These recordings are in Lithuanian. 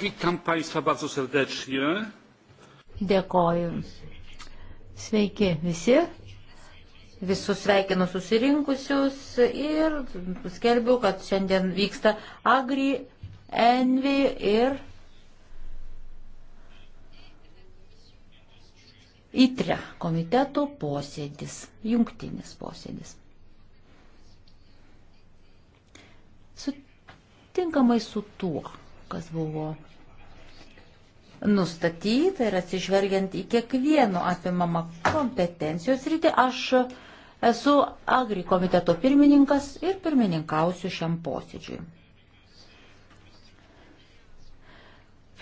Witam Państwa bardzo serdecznie. Dėkoju. Sveiki visi. Visus sveikinu susirinkusius ir skelbiu, kad šiandien vyksta Agri, Envi ir ITRE komiteto posėdis, jungtinis posėdis. Sutinkamai su tuo, kas buvo nustatyta ir atsižvelgiant į kiekvieno apimamą kompetencijos rytį, aš esu agri komiteto pirmininkas ir pirmininkausiu šiam posėdžiui.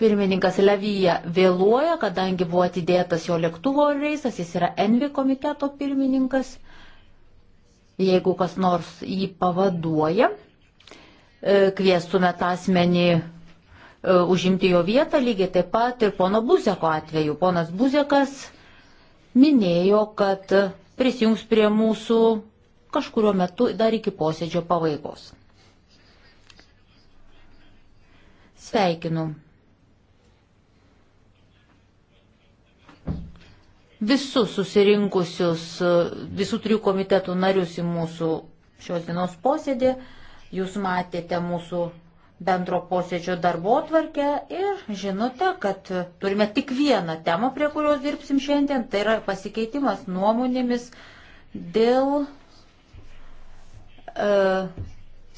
Pirmininkas Levyja vėluoja, kadangi buvo atidėtas jo lėktuvo reisas, jis yra Envi komiteto pirmininkas. Jeigu kas nors jį pavaduoja, e, kviestume tą asmenį E, užimti jo vietą, lygiai taip pat ir pono Buzeko atveju. Ponas Buzekas minėjo, kad prisijungs prie mūsų kažkurio metu dar iki posėdžio pabaigos. Sveikinu. Visus susirinkusius, e, visų trijų komitetų narius į mūsų šios dienos posėdį. Jūs matėte mūsų bendro posėdžio darbo tvarkę ir žinote, kad turime tik vieną temą, prie kurios dirbsim šiandien, tai yra pasikeitimas nuomonėmis dėl e,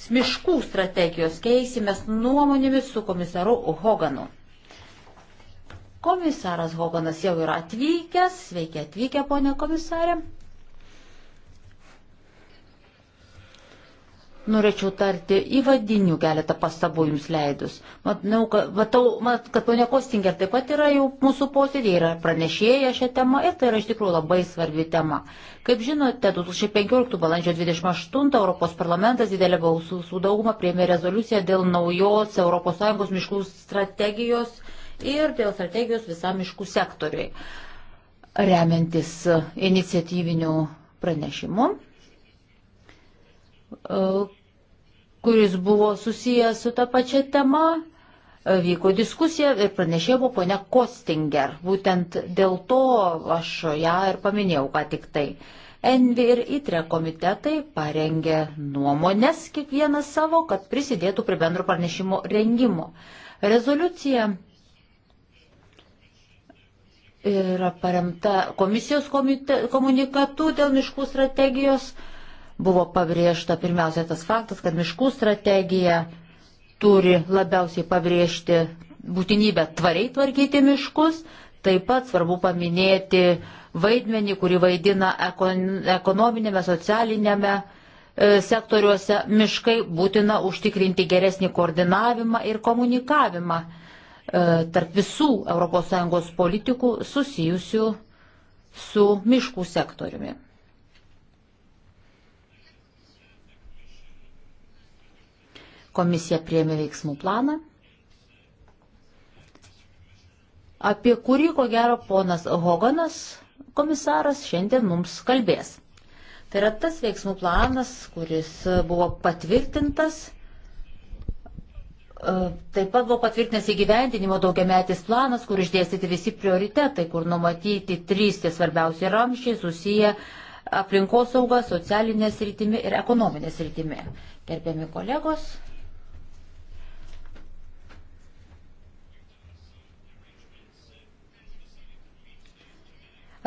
smiškų strategijos. Keisimės nuomonėmis su komisaru Hoganu. Komisaras Hoganas jau yra atvykęs, sveiki atvykę, ponė komisarė. norėčiau tarti įvadinių keletą pastabų jums leidus. Matau, kad, matau, mat, kad ponia Kostinger taip pat yra jau mūsų posėdė, yra pranešėja šią temą ir tai yra iš tikrųjų labai svarbi tema. Kaip žinote, 2015 balandžio 28 Europos parlamentas didelė balsų su dauguma priėmė rezoliuciją dėl naujos ES miškų strategijos ir dėl strategijos visam miškų sektoriui. Remiantis iniciatyviniu pranešimu, E, kuris buvo susijęs su ta pačia tema. E, vyko diskusija ir pranešė buvo ponia Kostinger. Būtent dėl to aš ją ir paminėjau ką tik tai. Envi ir ITRE komitetai parengė nuomonės kiekvienas savo, kad prisidėtų prie bendro pranešimo rengimo. Rezoliucija yra paremta komisijos komite, komunikatu dėl miškų strategijos buvo pabrėžta pirmiausia tas faktas, kad miškų strategija turi labiausiai pabrėžti būtinybę tvariai tvarkyti miškus, taip pat svarbu paminėti vaidmenį, kurį vaidina ekonominėme, socialinėme e, sektoriuose miškai būtina užtikrinti geresnį koordinavimą ir komunikavimą e, tarp visų ES politikų susijusių su miškų sektoriumi. Komisija priemė veiksmų planą, apie kurį, ko gero, ponas Hoganas, komisaras, šiandien mums kalbės. Tai yra tas veiksmų planas, kuris buvo patvirtintas. E, taip pat buvo patvirtinęs įgyvendinimo daugiametis planas, kur išdėstyti visi prioritetai, kur numatyti trys tie svarbiausi ramščiai susiję aplinkosauga, socialinė sritimi ir ekonominė sritimi. Gerbiami kolegos,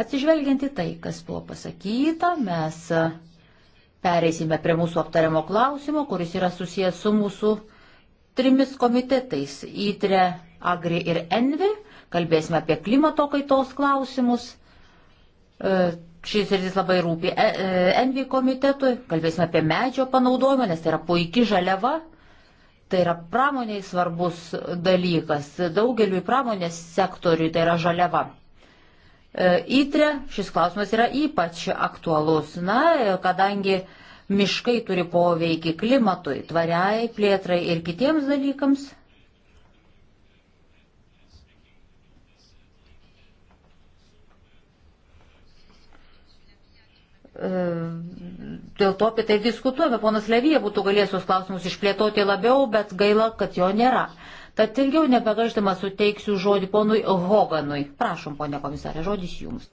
Atsižvelgiant į tai, kas buvo pasakyta, mes pereisime prie mūsų aptariamo klausimo, kuris yra susijęs su mūsų trimis komitetais - ITRE, AGRI ir ENVI. Kalbėsime apie klimato kaitos klausimus. E, šis rytis labai rūpi e, e, ENVI komitetui. Kalbėsime apie medžio panaudojimą, nes tai yra puikia žaliava. Tai yra pramoniai svarbus dalykas. Daugeliu pramonės sektoriui tai yra žaliava. E, įtrė šis klausimas yra ypač aktualus. Na, e, kadangi miškai turi poveikį klimatui, tvariai plėtrai ir kitiems dalykams. E, dėl to apie tai diskutuojame. Ponas Levyje būtų galėjęs tuos klausimus išplėtoti labiau, bet gaila, kad jo nėra. Tad ilgiau nebegaždama suteiksiu žodį ponui Hoganui. Prašom, ponė komisarė, žodis jums.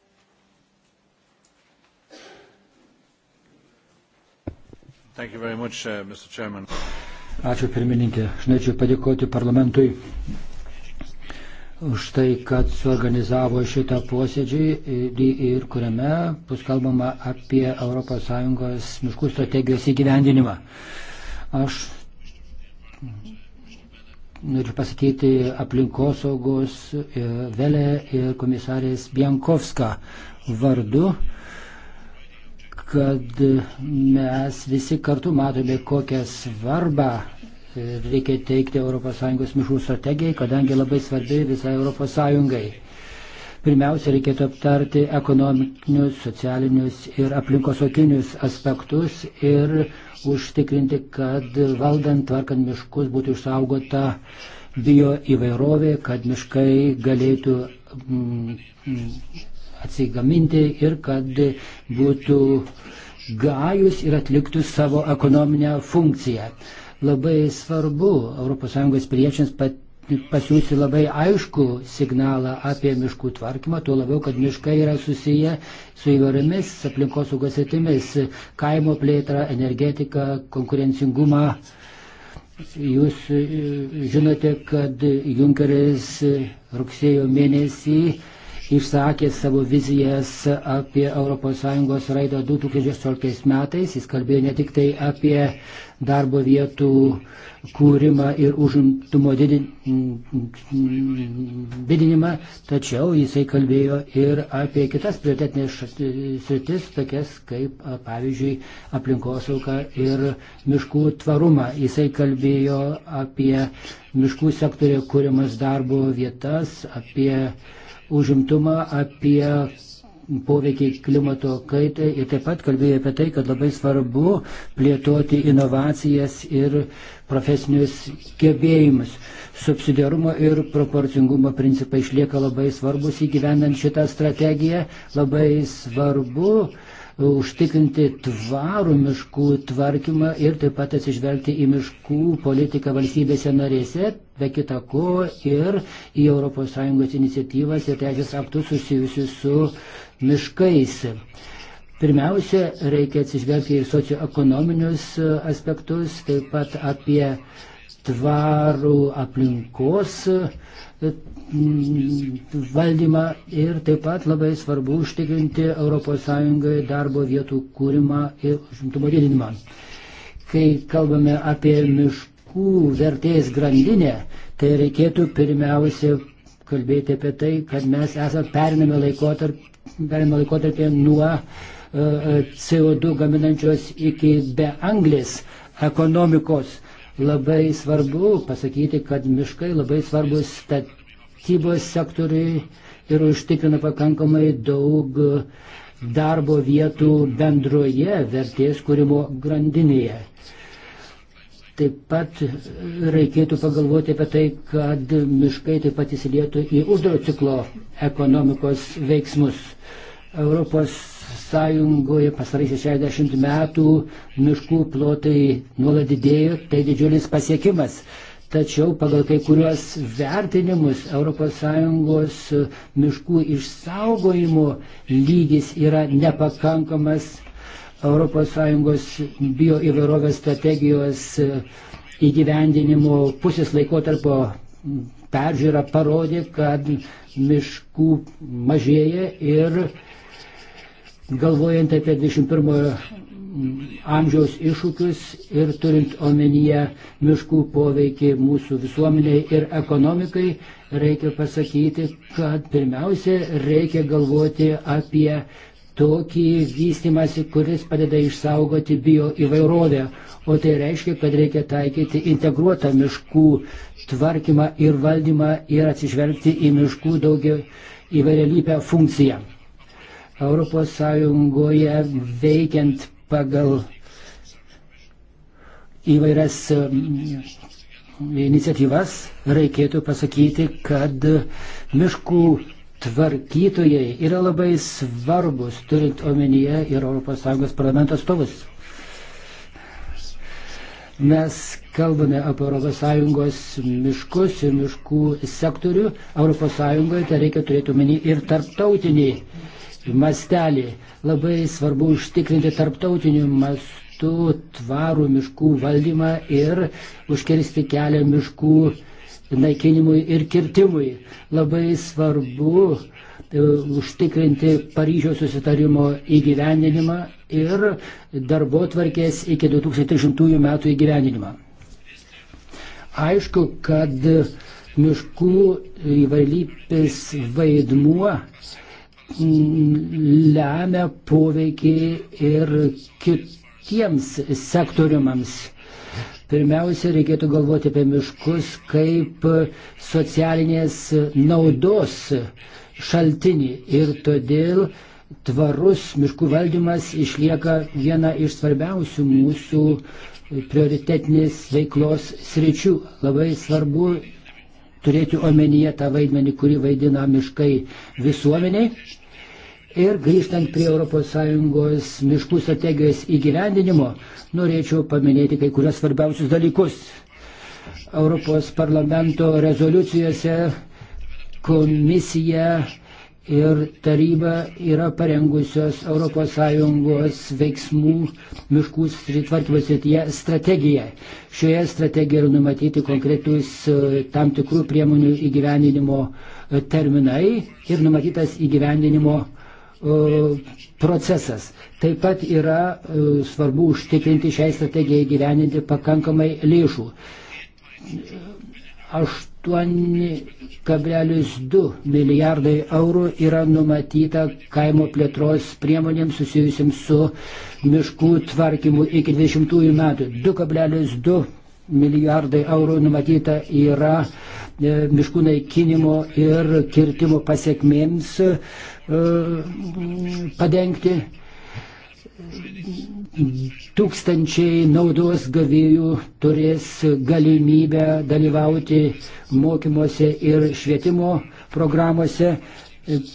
Much, uh, Ačiū pirmininkė. Aš norėčiau padėkoti parlamentui už tai, kad suorganizavo šitą posėdžią ir kuriame bus kalbama apie ES miškų strategijos įgyvendinimą. Aš noriu pasakyti aplinkosaugos e, Velė ir komisarės Bienkovska vardu, kad mes visi kartu matome, kokią svarbą e, reikia teikti ES mišrų strategijai, kadangi labai svarbi visai ES. Pirmiausia, reikėtų aptarti ekonominius, socialinius ir aplinkosauginius aspektus ir užtikrinti, kad valdant, tvarkant miškus būtų išsaugota bio įvairovė, kad miškai galėtų mm, mm, atsigaminti ir kad būtų gajus ir atliktų savo ekonominę funkciją. Labai svarbu ES priešins pat pasiūsti labai aišku signalą apie miškų tvarkymą, tuo labiau, kad miškai yra susiję su įvairiomis aplinkosaugos etimis - kaimo plėtra, energetika, konkurencingumą. Jūs e, žinote, kad Junkeris rugsėjo mėnesį išsakė savo vizijas apie ES raidą 2018 metais. Jis kalbėjo ne tik tai apie darbo vietų kūrimą ir užimtumo didinimą, tačiau jisai kalbėjo ir apie kitas prioritetinės sritis, tokias kaip, pavyzdžiui, aplinkosauką ir miškų tvarumą. Jisai kalbėjo apie miškų sektorio kūrimas darbo vietas, apie uh, užimtumą, apie poveikį klimato kaitai ir taip pat kalbėjo apie tai, kad labai svarbu plėtoti inovacijas ir profesinius gebėjimus. Subsidiarumo ir proporcingumo principai išlieka labai svarbus įgyvendant šitą strategiją. Labai svarbu užtikrinti tvarų miškų tvarkymą ir taip pat atsižvelgti į miškų politiką valstybėse narėse, be kita ko ir į ES iniciatyvas ir teisės aktus susijusius su miškais. Pirmiausia, reikia atsižvelgti ir socioekonominius aspektus, taip pat apie tvarų aplinkos valdymą ir taip pat labai svarbu užtikrinti ES darbo vietų kūrimą ir užimtumo didinimą. Kai kalbame apie miškų vertės grandinę, tai reikėtų pirmiausia kalbėti apie tai, kad mes esame periname laikotarpį, periname laikotarpį nuo e, e, CO2 gaminančios iki be anglės ekonomikos Labai svarbu pasakyti, kad miškai labai svarbus statybos sektoriui ir užtikrina pakankamai daug darbo vietų bendroje vertės kūrimo grandinėje. Taip pat reikėtų pagalvoti apie tai, kad miškai taip pat įsilietų į uždaro ciklo ekonomikos veiksmus. Europos Sąjungoje pasaraisiais 60 metų miškų plotai nuolat didėjo, tai didžiulis pasiekimas. Tačiau pagal kai kuriuos vertinimus ES miškų išsaugojimo lygis yra nepakankamas ES bioįvairovės strategijos įgyvendinimo pusės laikotarpio peržiūra parodė, kad miškų mažėja ir galvojant apie 21 amžiaus iššūkius ir turint omenyje miškų poveikį mūsų visuomeniai ir ekonomikai, reikia pasakyti, kad pirmiausia reikia galvoti apie tokį vystimąsi, kuris padeda išsaugoti bio įvairovę. O tai reiškia, kad reikia taikyti integruotą miškų tvarkymą ir valdymą ir atsižvelgti į miškų daugiau įvairialypę funkciją. ES veikiant pagal įvairias mm, iniciatyvas, reikėtų pasakyti, kad miškų tvarkytojai yra labai svarbus, turint omenyje ir ES parlamento atstovus. Mes kalbame apie ES miškus ir miškų sektorių. ES tai reikia turėti omeny ir tarptautinį mastelį. Labai svarbu užtikrinti tarptautiniu mastu tvarų miškų valdymą ir užkirsti kelią miškų naikinimui ir kirtimui. Labai svarbu e, užtikrinti Paryžiaus susitarimo įgyvendinimą ir darbo tvarkės iki 2030 metų įgyvendinimą. Aišku, kad miškų įvalypis vaidmuo lemia poveikį ir kitiems sektoriumams. Pirmiausia, reikėtų galvoti apie miškus kaip socialinės naudos šaltinį ir todėl tvarus miškų valdymas išlieka viena iš svarbiausių mūsų prioritetinės veiklos sričių. Labai svarbu turėti omenyje tą vaidmenį, kurį vaidina miškai visuomeniai. Ir grįžtant prie ES miškų strategijos įgyvendinimo, norėčiau paminėti kai kurios svarbiausius dalykus. Europos parlamento rezoliucijose komisija ir taryba yra parengusios ES veiksmų miškų tvarkymo srityje strategiją. Šioje strategijoje yra numatyti konkretus e, tam tikrų priemonių įgyvendinimo e, terminai ir numatytas įgyvendinimo E, procesas. Taip pat yra e, svarbu užtikrinti šiai strategijai gyveninti pakankamai lėšų. 8,2 milijardai eurų yra numatyta kaimo plėtros priemonėms susijusiams su miškų tvarkymu iki 20 metų. 2,2 milijardai eurų numatyta yra E, miškų naikinimo ir kirtimo pasiekmėms e, padengti. Tūkstančiai naudos gavėjų turės galimybę dalyvauti mokymuose ir švietimo programuose.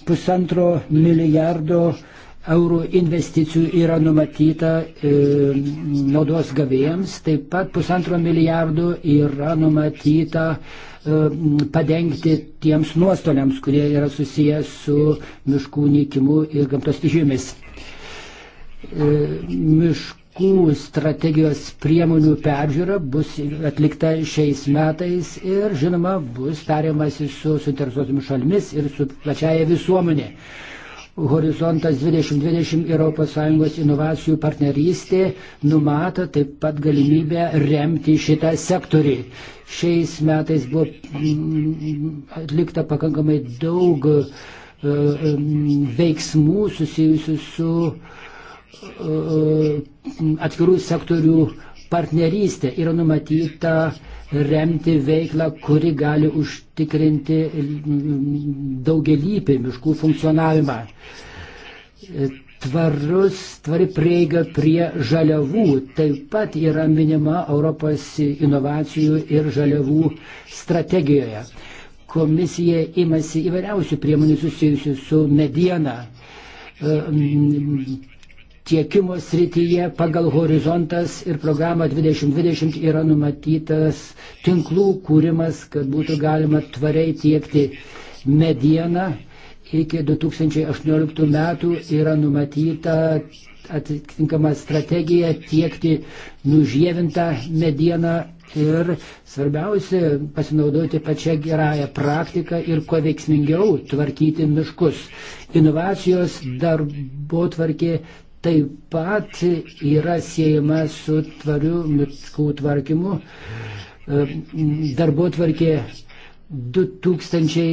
Pusantro milijardo eurų investicijų yra numatyta e, naudos gavėjams, taip pat pusantro milijardo yra numatyta e, E, padengti tiems nuostoliams, kurie yra susijęs su miškų nykimu ir gamtos tyžymis. E, miškų strategijos priemonių peržiūra bus atlikta šiais metais ir, žinoma, bus tariamasi su suinteresuotomis šalimis ir su plačiaja visuomenė. Horizontas 2020 ir ES inovacijų partnerystė numato taip pat galimybę remti šitą sektorį. Šiais metais buvo mm, atlikta pakankamai daug e, e, veiksmų susijusių su e, atskirų sektorių partnerystė. Yra numatyta remti veiklą, kuri gali užtikrinti daugelįpį miškų funkcionavimą. Tvarus, tvari prieiga prie žaliavų taip pat yra minima Europos inovacijų ir žaliavų strategijoje. Komisija imasi įvairiausių priemonių susijusių su mediena, e, tiekimo srityje pagal horizontas ir programą 2020 yra numatytas tinklų kūrimas, kad būtų galima tvariai tiekti medieną. Iki 2018 metų yra numatyta atitinkama strategija tiekti nužėvintą medieną ir svarbiausia pasinaudoti pačią gerąją praktiką ir kuo veiksmingiau tvarkyti miškus. Inovacijos darbo tvarkė taip pat yra siejama su tvariu miškų tvarkymu. E, darbo tvarkė 2000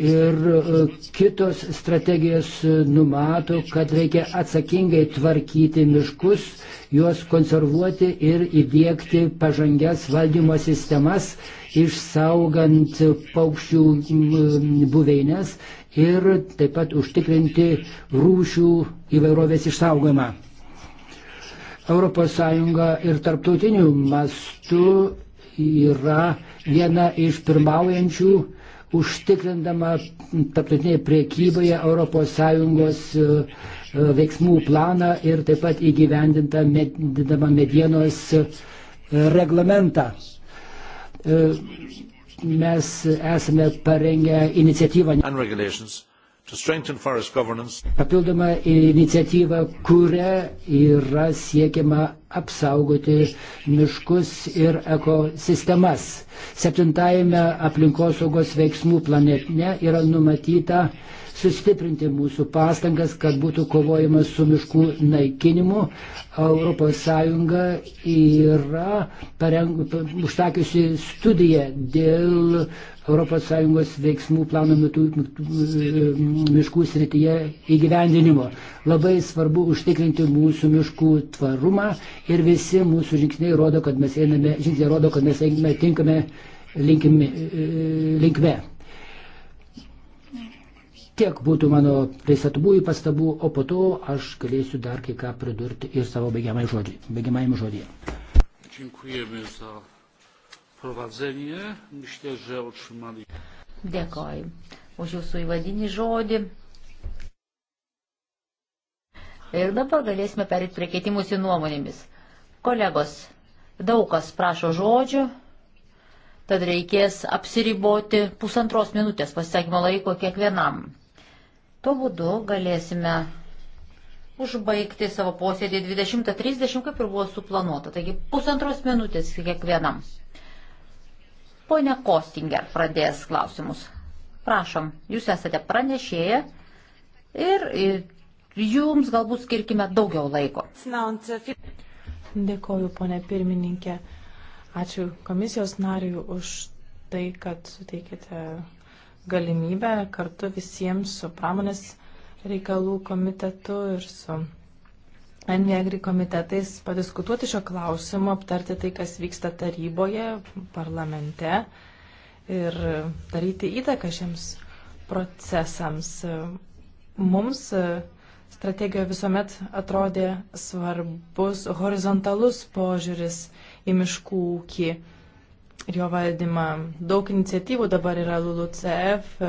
ir e, kitos strategijos numato, kad reikia atsakingai tvarkyti miškus, juos konservuoti ir įdėkti pažangias valdymo sistemas, išsaugant paukščių buveinės ir taip pat užtikrinti rūšių įvairovės išsaugojimą. ES ir tarptautinių mastų yra viena iš pirmaujančių užtikrindama tarptautinėje priekyboje ES e, e, veiksmų planą ir taip pat įgyvendindama medienos e, reglamentą. Mes esame parengę iniciatyvą. Papildoma iniciatyva, kuria yra siekiama apsaugoti miškus ir ekosistemas. Septintajame aplinkosaugos veiksmų planetne yra numatyta uh, sustiprinti mūsų pastangas, kad būtų kovojama su miškų naikinimu. ES yra pareng... užsakiusi studiją dėl ES veiksmų plano metų miškų srityje įgyvendinimo. Labai svarbu užtikrinti mūsų miškų tvarumą ir visi mūsų žingsniai rodo, kad mes einame, žingsniai rodo, kad mes einame tinkame linkime. linkme. Tiek būtų mano pristatomųjų pastabų, o po to aš galėsiu dar kai ką pridurti ir savo baigiamai žodžiai, baigiamajam žodį. Dėkoju už jūsų įvadinį žodį. Ir dabar galėsime perėti prie keitimus į nuomonėmis. Kolegos, daug kas prašo žodžių tad reikės apsiriboti pusantros minutės pasisakymo laiko kiekvienam. Tuo būdu galėsime užbaigti savo posėdį 20.30, kaip ir buvo suplanuota. Taigi pusantros minutės kiekvienam. Pone Kostinger pradės klausimus. Prašom, jūs esate pranešėję ir jums galbūt skirkime daugiau laiko. Dėkoju, ponė pirmininkė. Ačiū komisijos nariui už tai, kad suteikėte galimybę kartu visiems su pramonės reikalų komitetu ir su NVEGRI komitetais padiskutuoti šio klausimu, aptarti tai, kas vyksta taryboje, parlamente ir daryti įtaką šiems procesams. Mums strategijoje visuomet atrodė svarbus horizontalus požiūris į miškų ūkį ir jo valdymą. Daug iniciatyvų dabar yra LULUCF, e,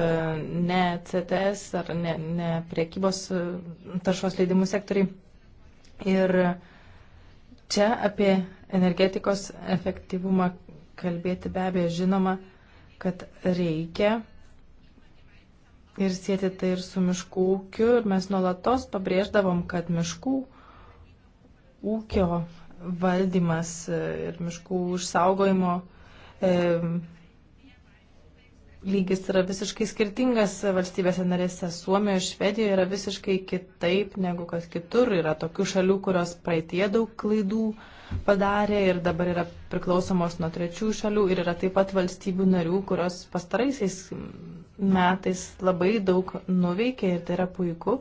ne CTS ar ne, ne priekybos e, taršos leidimų sektoriai. Ir čia apie energetikos efektyvumą kalbėti be abejo žinoma, kad reikia ir sėti tai ir su miškų ūkiu. Ir mes nuolatos pabrėždavom, kad miškų ūkio valdymas e, ir miškų išsaugojimo uh, lygis yra visiškai skirtingas valstybėse narėse. Suomijoje ir Švedijoje yra visiškai kitaip negu kad kitur. Yra tokių šalių, kurios praeitie daug klaidų padarė ir dabar yra priklausomos nuo trečių šalių. Ir yra taip pat valstybių narių, kurios pastaraisiais metais labai daug nuveikė ir tai yra puiku.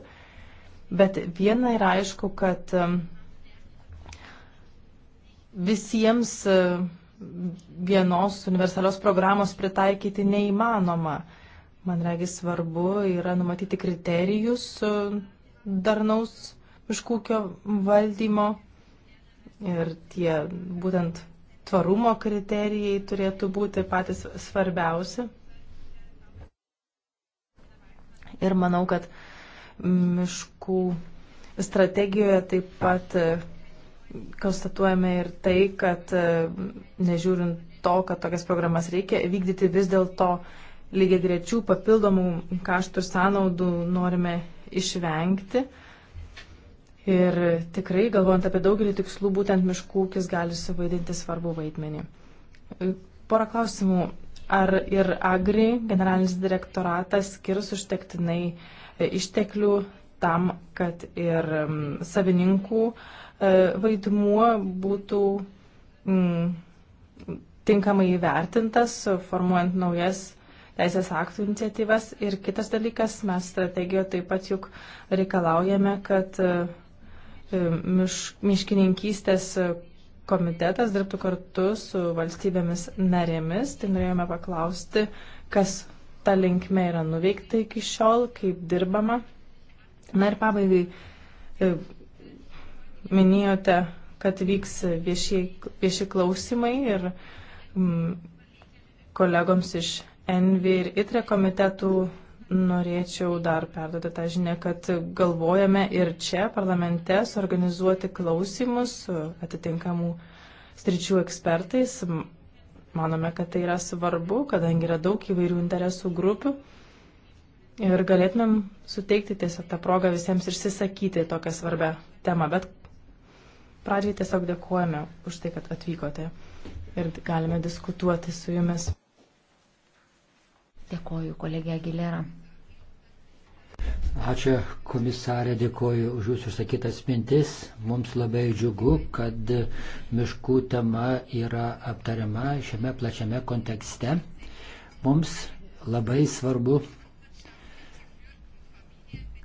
Bet viena yra aišku, kad visiems vienos universalios programos pritaikyti neįmanoma. Man regis svarbu yra numatyti kriterijus e, darnaus miškūkio valdymo ir tie būtent tvarumo kriterijai turėtų būti patys svarbiausi. Ir manau, kad miškų strategijoje taip pat konstatuojame ir tai, kad e, nežiūrint to, kad tokias programas reikia vykdyti, vis dėlto lygiai grečių papildomų kaštų ir sąnaudų norime išvengti. Ir tikrai, galvojant apie daugelį tikslų, būtent miškų ūkis gali suvaidinti svarbų vaidmenį. E, porą klausimų. Ar ir Agri generalinis direktoratas skirs užtektinai e, išteklių tam, kad ir savininkų uh, E, vaidmuo būtų mm, tinkamai įvertintas, formuojant naujas teisės aktų iniciatyvas. Ir kitas dalykas, mes strategijoje taip pat juk reikalaujame, kad e, e, miš, miškininkystės komitetas dirbtų kartu su valstybėmis narėmis. Tai norėjome paklausti, kas ta linkme yra nuveikta iki šiol, kaip dirbama. Na ir pabaigai minėjote, kad vyks vieši, vieši klausimai ir mm, kolegoms iš Envi ir ITRE komitetų norėčiau dar perduoti tą žinę, kad galvojame ir čia parlamente suorganizuoti klausimus su atitinkamų sričių ekspertais. Manome, kad tai yra svarbu, kadangi yra daug įvairių interesų grupių. Ir galėtumėm suteikti tiesiog tą progą visiems išsisakyti tokią svarbę temą. Bet Pradžiai tiesiog dėkojame už tai, kad atvykote ir galime diskutuoti su jumis. Dėkoju, kolegė Agilera. Ačiū komisarė, dėkoju už jūsų išsakytas mintis. Mums labai džiugu, kad miškų tema yra aptariama šiame plačiame kontekste. Mums labai svarbu,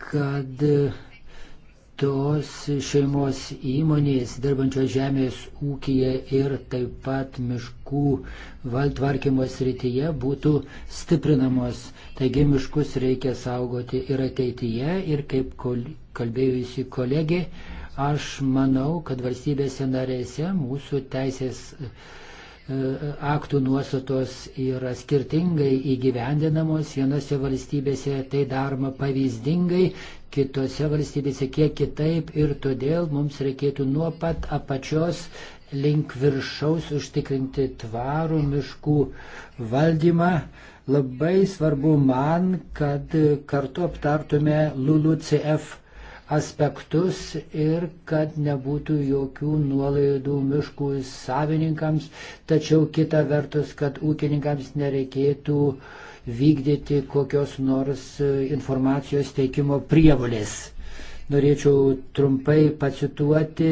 kad tos šeimos įmonės dirbančios žemės ūkija ir taip pat miškų valtvarkymo srityje būtų stiprinamos. Taigi miškus reikia saugoti ir ateityje ir kaip kalbėjusi kolegė, aš manau, kad valstybėse narėse mūsų teisės E, aktų nuostatos yra skirtingai įgyvendinamos, vienose valstybėse tai daroma pavyzdingai, kitose valstybėse kiek kitaip ir todėl mums reikėtų nuo pat apačios link viršaus užtikrinti tvarų miškų valdymą. Labai svarbu man, kad kartu aptartume LULUCF aspektus ir kad nebūtų jokių nuolaidų miškų savininkams, tačiau kita vertus, kad ūkininkams nereikėtų vykdyti kokios nors informacijos teikimo prievolės. Norėčiau trumpai pacituoti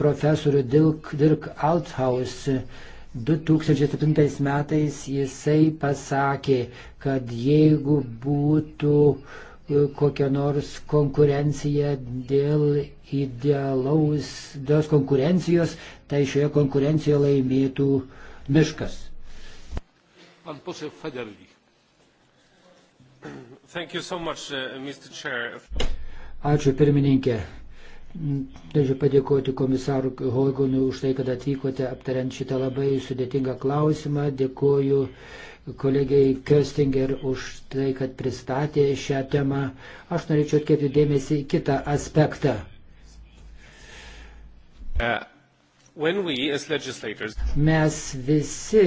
profesorių Dirk, Dirk Althaus. 2007 metais jisai pasakė, kad jeigu būtų uh, kokią nors konkurenciją dėl idealaus, dėl konkurencijos, tai šioje konkurencijoje laimėtų miškas. So much, uh, Ačiū pirmininkė. Noriu padėkoti komisarų Hoigonui už tai, kad atvykote aptariant šitą labai sudėtingą klausimą. Dėkoju kolegiai Köstinger už tai, kad pristatė šią temą. Aš norėčiau atkreipti dėmesį į kitą aspektą. Uh, Mes visi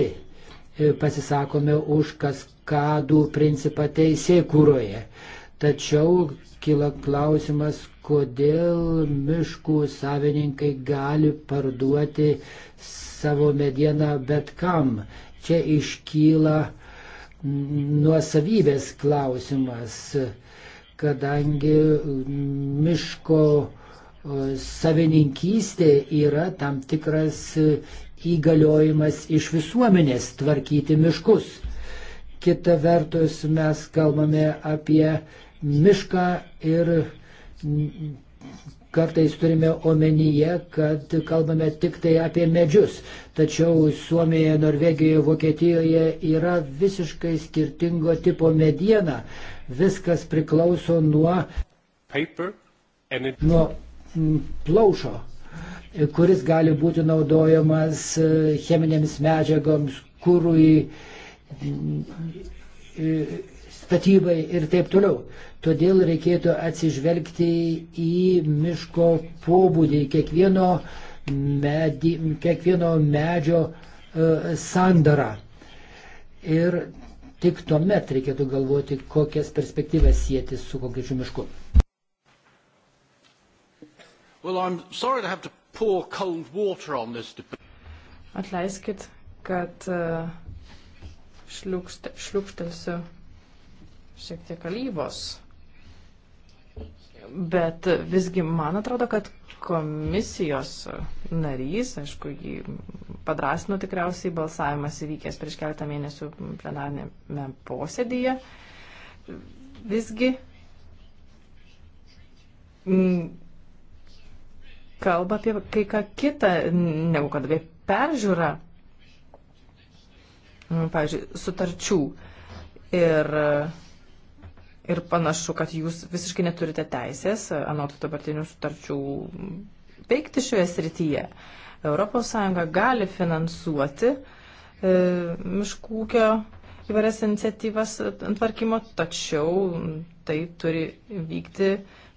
e, pasisakome už kaskadų principą teisė kūroje. Tačiau kyla klausimas, kodėl miškų savininkai gali parduoti savo medieną bet kam Čia iškyla nuosavybės klausimas, kadangi miško savininkystė yra tam tikras įgaliojimas iš visuomenės tvarkyti miškus. Kita vertus mes kalbame apie mišką ir kartais turime omenyje, kad kalbame tik tai apie medžius. Tačiau Suomijoje, Norvegijoje, Vokietijoje yra visiškai skirtingo tipo mediena. Viskas priklauso nuo, Paper, it... nuo mm, plaušo, kuris gali būti naudojamas e, cheminėms medžiagoms, kūrui mm, e, statybai ir taip toliau. Todėl reikėtų atsižvelgti į miško pobūdį, kiekvieno, medį, kiekvieno medžio e, sandarą. Ir tik tuomet reikėtų galvoti, kokias perspektyvas sieti su konkrečiu mišku. Well, Atleiskit, kad e, šliukštelsiu šiek tiek alyvos. Bet visgi man atrodo, kad komisijos narys, aišku, jį padrasino tikriausiai balsavimas įvykęs prieš keletą mėnesių plenarnėme posėdyje, visgi kalba apie kai ką kitą, negu kad apie peržiūrą, pavyzdžiui, sutarčių. Ir uh, ir panašu, kad jūs visiškai neturite teisės, anot dabartinių sutarčių, veikti šioje srityje. ES gali finansuoti e, miškūkio įvairias iniciatyvas tvarkymo, tačiau tai turi vykti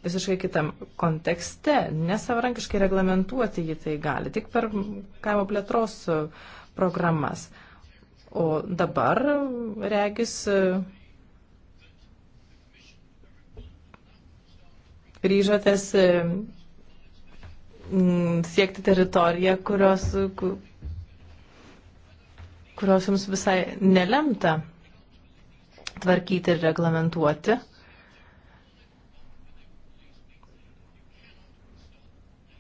visiškai kitam kontekste, nesavarankiškai reglamentuoti jį tai gali, tik per kaimo plėtros programas. O dabar, regis, ryžotės siekti teritoriją, kurios, kurios jums visai nelemta tvarkyti ir reglamentuoti.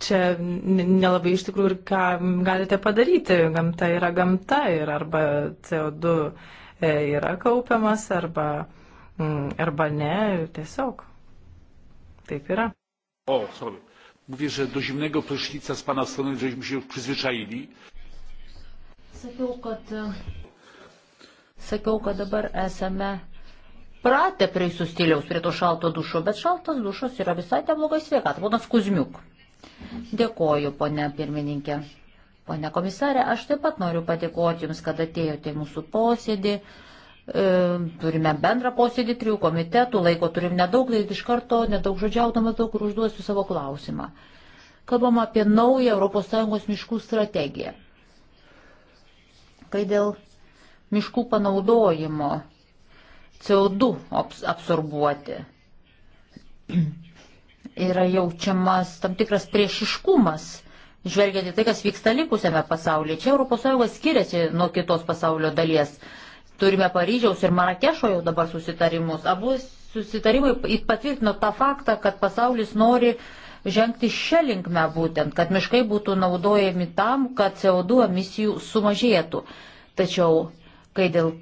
Čia nelabai iš tikrųjų ir ką galite padaryti. Gamta yra gamta ir arba CO2 e, yra kaupiamas, arba, arba ne, tiesiog. Taip yra. O, sorry. Mówię, że do zimnego prysznica z Pana strony żeśmy się już przyzwyczaili. Sakiau, kad, sakiau, kad dabar esame pratę prie jūsų stiliaus, prie to šalto dušo, bet šaltas dušas yra visai neblogai sveikata. Ponas Kuzmiuk. Dėkoju, ponė pirmininkė. Pone komisarė, aš taip pat noriu padėkoti Jums, kad atėjote į mūsų posėdį. E, turime bendrą posėdį trijų komitetų, laiko turim nedaug, tai iš karto nedaug žodžiaudamas daug ir užduosiu savo klausimą. Kalbam apie naują ES miškų strategiją. Kai dėl miškų panaudojimo CO2 absorbuoti yra jaučiamas tam tikras priešiškumas žvelgiant į tai, kas vyksta likusiame pasaulyje. Čia ES skiriasi nuo kitos pasaulio dalies. Turime Paryžiaus ir Marakešo jau dabar susitarimus. Abu susitarimai patvirtino tą faktą, kad pasaulis nori žengti šią linkmę būtent, kad miškai būtų naudojami tam, kad CO2 emisijų sumažėtų. Tačiau, kai dėl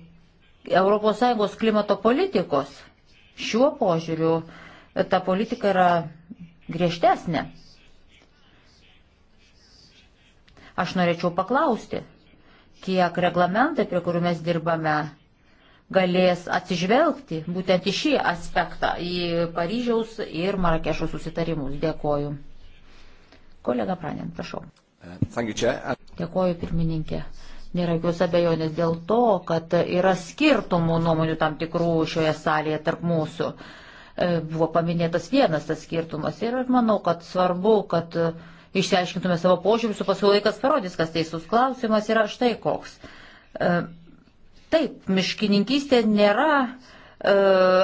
ES klimato politikos šiuo požiūriu ta politika yra griežtesnė. Aš norėčiau paklausti, kiek reglamentai, prie kurių mes dirbame, galės atsižvelgti būtent į šį aspektą, į Paryžiaus ir Marakešo susitarimus. Dėkoju. Kolega Pranėm, prašau. Dėkoju, pirmininkė. Nėra jokios abejonės dėl to, kad yra skirtumų nuomonių tam tikrų šioje salėje tarp mūsų. E, buvo paminėtas vienas tas skirtumas ir manau, kad svarbu, kad išsiaiškintume savo požiūrius, o paskui laikas parodys, kas teisus klausimas yra štai koks. E, taip, miškininkystė nėra e,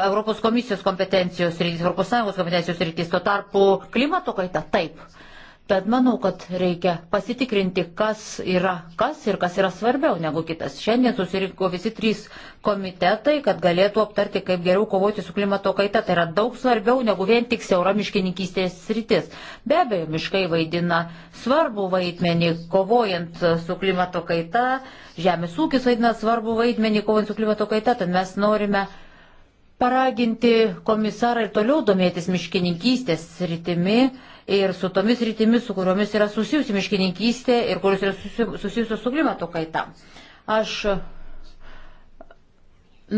Europos komisijos kompetencijos rytis, Europos Sąjungos kompetencijos rytis, tuo tarpu klimato kaita taip. Bet manau, kad reikia pasitikrinti, kas yra kas ir kas yra svarbiau negu kitas. Šiandien susirinko visi trys komitetai, kad galėtų aptarti, kaip geriau kovoti su klimato kaita. Tai yra daug svarbiau negu vien tik siaura miškininkystės sritis. Be abejo, miškai vaidina svarbų vaidmenį kovojant su klimato kaita. Žemės ūkis vaidina svarbų vaidmenį kovojant su klimato kaita. Tad mes norime paraginti komisarą ir toliau domėtis miškininkystės sritimi ir su tomis rytimis, su kuriomis yra susijusi miškininkystė ir kurios yra susijusios su klimato kaita. Aš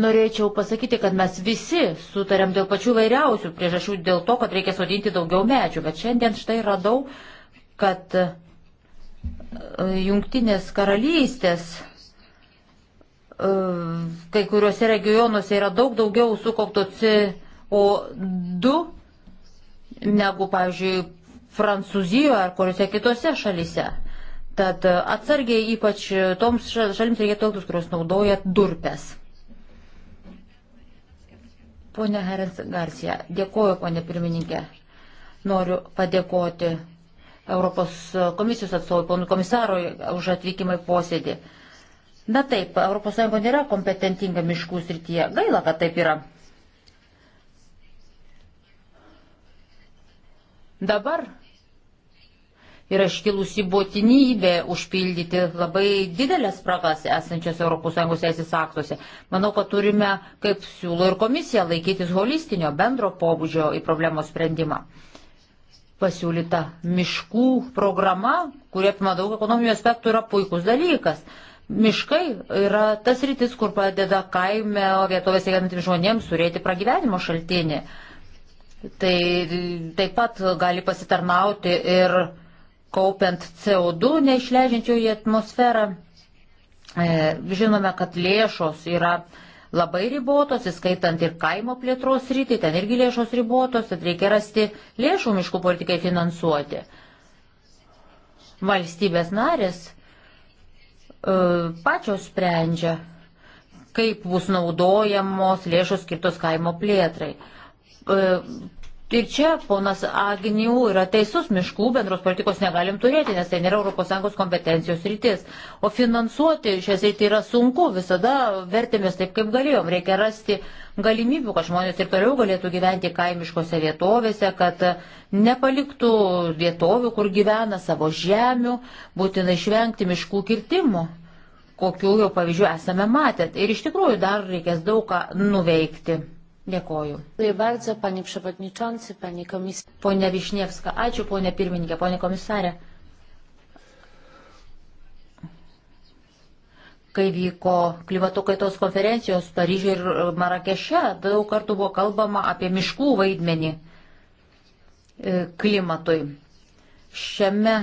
norėčiau pasakyti, kad mes visi sutarėm dėl pačių vairiausių priežasčių, dėl to, kad reikia sodinti daugiau medžių, bet šiandien štai radau, kad e, jungtinės karalystės e, kai kuriuose regionuose yra daug daugiau sukaupto CO2 negu, pavyzdžiui, Prancūzijoje ar kuriuose kitose šalise. Tad e, atsargiai ypač e, toms šalims reikėtų elgtis, kurios naudoja durpes. Pone Herens Garcia, dėkoju, pone pirmininkė. Noriu padėkoti Europos komisijos atstovui, ponui komisarui, už atvykimą į posėdį. Na taip, ES nėra kompetentinga miškų srityje. Gaila, kad taip yra. Dabar yra iškilusi būtinybė užpildyti labai didelės spragas esančias ES teisės aktuose. Manau, kad turime, kaip siūlo ir komisija, laikytis holistinio bendro pobūdžio į problemos sprendimą. Pasiūlyta miškų programa, kurie apima daug ekonominių aspektų, yra puikus dalykas. Miškai yra tas rytis, kur padeda kaime vietovėse gyvenantiems žmonėms turėti pragyvenimo šaltinį. Tai taip pat gali pasitarnauti ir kaupiant CO2 neišleidžiančių į atmosferą. E, žinome, kad lėšos yra labai ribotos, įskaitant ir kaimo plėtros rytį, ten irgi lėšos ribotos, tad reikia rasti lėšų miškų politikai finansuoti. Valstybės narės e, pačios sprendžia, kaip bus naudojamos lėšos skirtos kaimo plėtrai. E, Ir čia ponas Agnių yra teisus, miškų bendros politikos negalim turėti, nes tai nėra ES kompetencijos rytis. O finansuoti šią sritį yra sunku, visada vertėmės taip, kaip galėjom. Reikia rasti galimybių, kad žmonės ir toliau galėtų gyventi kaimiškose vietovėse, kad nepaliktų vietovių, kur gyvena savo žemių, būtina išvengti miškų kirtimų kokių jau pavyzdžių esame matę. Ir iš tikrųjų dar reikės daug ką nuveikti. Dėkoju. Bardzo, panie przewodniczący, panie komisarė. Pone Višnievska, ačiū, pone pirmininkė, pone komisarė. Kai vyko klimato kaitos konferencijos Paryžiuje ir Marakeše, daug kartų buvo kalbama apie miškų vaidmenį e, klimatui. Šiame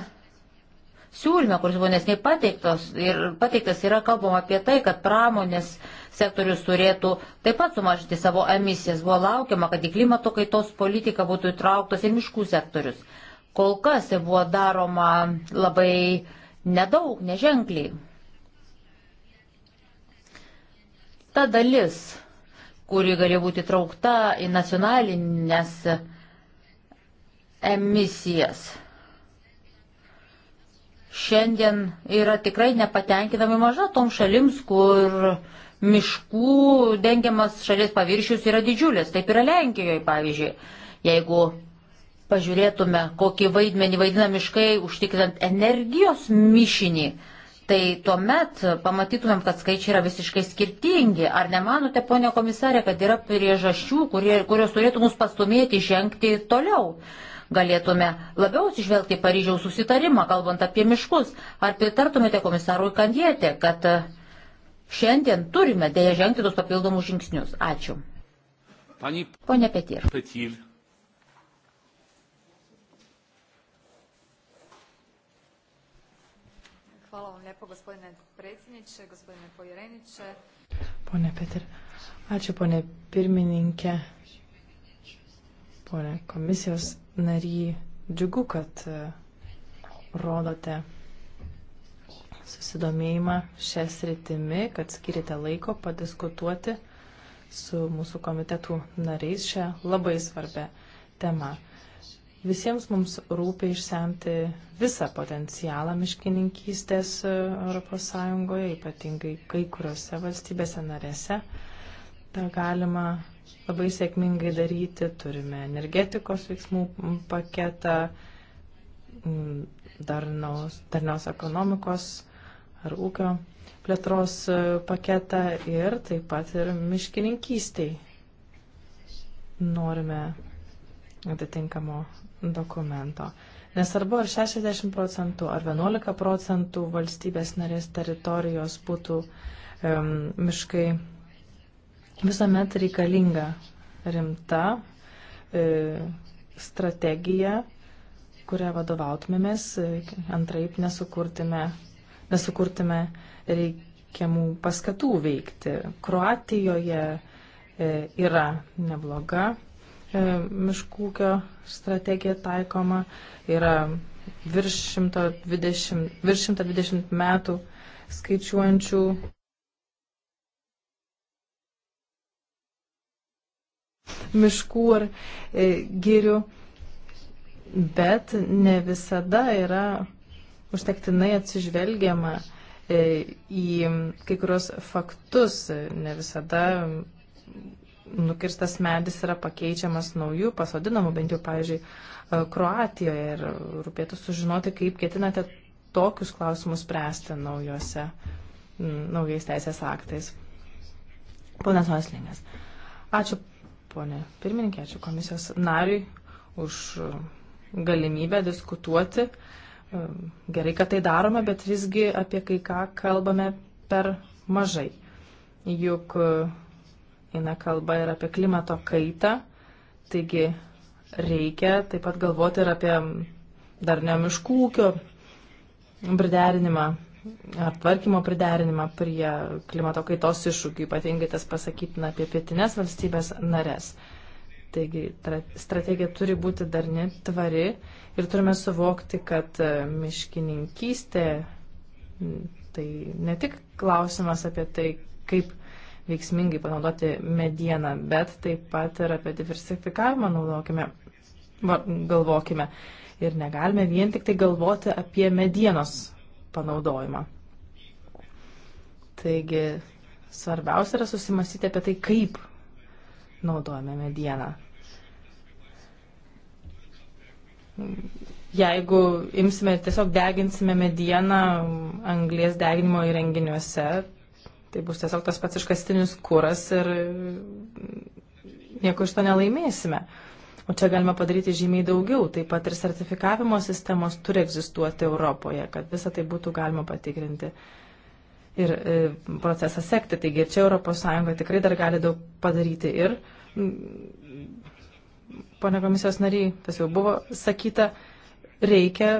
siūlyme, kuris buvo nesnei pateiktas, ir pateiktas yra kalbama apie tai, kad pramonės sektorius turėtų taip pat sumažinti savo emisijas. Buvo laukiama, kad į klimato kaitos politiką būtų įtrauktas ir miškų sektorius. Kol kas tai buvo daroma labai nedaug, neženkliai. Ta dalis, kuri gali būti traukta į nacionalinės emisijas šiandien yra tikrai nepatenkinamai maža tom šalims, kur miškų dengiamas šalies paviršius yra didžiulis. Taip yra Lenkijoje, pavyzdžiui. Jeigu pažiūrėtume, kokį vaidmenį vaidina miškai užtikrinant energijos mišinį, tai tuomet pamatytumėm, kad skaičiai yra visiškai skirtingi. Ar nemanote, ponio komisarė, kad yra priežasčių, kurie, kurios turėtų mus pastumėti žengti toliau? Galėtume labiau atsižvelgti Paryžiaus susitarimą, kalbant apie miškus. Ar pritartumėte komisarui Kandietė, kad uh, šiandien turime dėja žengti tos papildomus žingsnius. Ačiū. Pani... Pone Petir. Petir. Hvala vam lijepo gospodine predsjedniče, gospodine povjereniče. Pone Petir. Ačiū pone pirmininkė, pone komisijos nary. Džiugu, kad eh, rodote susidomėjimą šią sritimi, kad skirite laiko padiskutuoti su mūsų komitetų nariais šią labai svarbę temą. Visiems mums rūpia išsemti visą potencialą miškininkystės ES, ypatingai kai kuriuose valstybėse narėse. Ta galima labai sėkmingai daryti. Turime energetikos veiksmų paketą, darnaus, darnaus ekonomikos ar ūkio plėtros e, paketą ir taip pat ir miškininkystiai norime atitinkamo dokumento. Nesvarbu, ar 60 procentų ar 11 procentų valstybės narės teritorijos būtų um, miškai, visuomet reikalinga rimta e, strategija, kurią vadovautumėmės, e, antraip nesukurtume nesukurtume reikiamų paskatų veikti. Kroatijoje e, yra nebloga e, miškūkio strategija taikoma, yra virš 120, virš 120 metų skaičiuojančių miškų ar e, girių, bet ne visada yra užtektinai atsižvelgiama e, į kai kurios faktus, ne visada nukirstas medis yra pakeičiamas naujų pasodinamų, bent jau, pavyzdžiui, e, Kroatijoje ir rūpėtų sužinoti, kaip ketinate tokius klausimus spręsti naujose, naujais teisės aktais. Ponas Oslingas. Ačiū, ponė pirmininkė, ačiū komisijos nariui už galimybę diskutuoti. Uh, Gerai, kad tai darome, bet visgi apie kai ką kalbame per mažai. Juk e, eina kalba ir apie klimato kaitą, taigi reikia taip pat galvoti ir apie dar ne miškų ūkio priderinimą ar tvarkymo priderinimą prie klimato kaitos iššūkių, ypatingai tas pasakytina apie pietinės valstybės narės. Uh, Taigi strategija turi būti darni, tvari ir turime suvokti, kad e, miškininkystė tai ne tik klausimas apie tai, kaip veiksmingai panaudoti medieną, bet taip pat ir apie diversifikavimą naudokime, galvokime. Ir negalime vien tik tai galvoti apie medienos panaudojimą. Taigi svarbiausia yra susimastyti apie tai, kaip naudojame medieną. Jeigu imsime, tiesiog deginsime medieną anglės deginimo įrenginiuose, tai bus tiesiog tas pats iškastinis kuras ir nieko iš to nelaimėsime. O čia galima padaryti žymiai daugiau. Taip pat ir sertifikavimo sistemos turi egzistuoti Europoje, kad visą tai būtų galima patikrinti. Uh, ir e, procesą sekti. Taigi čia ES tikrai dar gali daug padaryti ir, pone komisijos nariai, tas jau buvo sakyta, reikia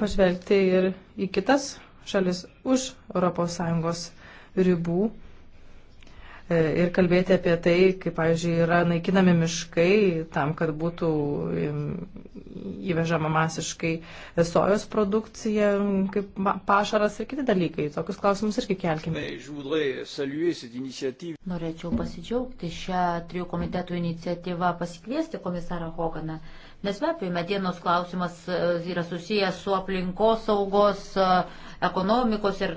pažvelgti ir į kitas šalis už ES ribų E, ir kalbėti apie tai, kaip, pavyzdžiui, yra naikinami miškai tam, kad būtų įvežama masiškai sojos produkcija, kaip pašaras ir kiti dalykai. Tokius klausimus irgi kelkime. Norėčiau pasidžiaugti šią trijų komitetų iniciatyvą pasikviesti komisarą Hoganą. Nes be abejo, medienos klausimas e, yra susijęs su aplinkos saugos, e, ekonomikos ir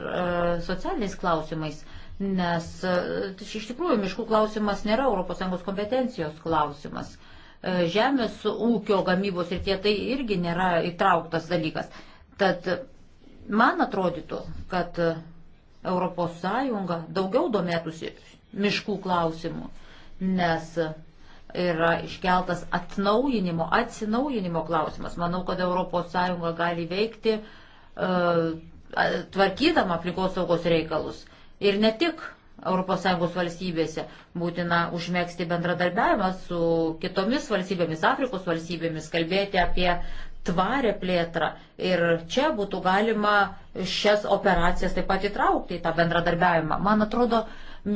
socialiniais klausimais nes e, tai iš tikrųjų miškų klausimas nėra ES kompetencijos klausimas. E, žemės ūkio gamybos ir tie tai irgi nėra įtrauktas dalykas. Tad man atrodytų, kad ES daugiau domėtųsi miškų klausimų, nes e, yra iškeltas atnaujinimo, atsinaujinimo klausimas. Manau, kad ES gali veikti uh, tvarkydama aplinkos saugos reikalus. Uh, ir ne tik ES valstybėse būtina užmėgsti bendradarbiavimą su kitomis valstybėmis, Afrikos valstybėmis, kalbėti apie tvarę plėtrą. Ir čia būtų galima šias operacijas taip pat įtraukti į tą bendradarbiavimą. Man atrodo,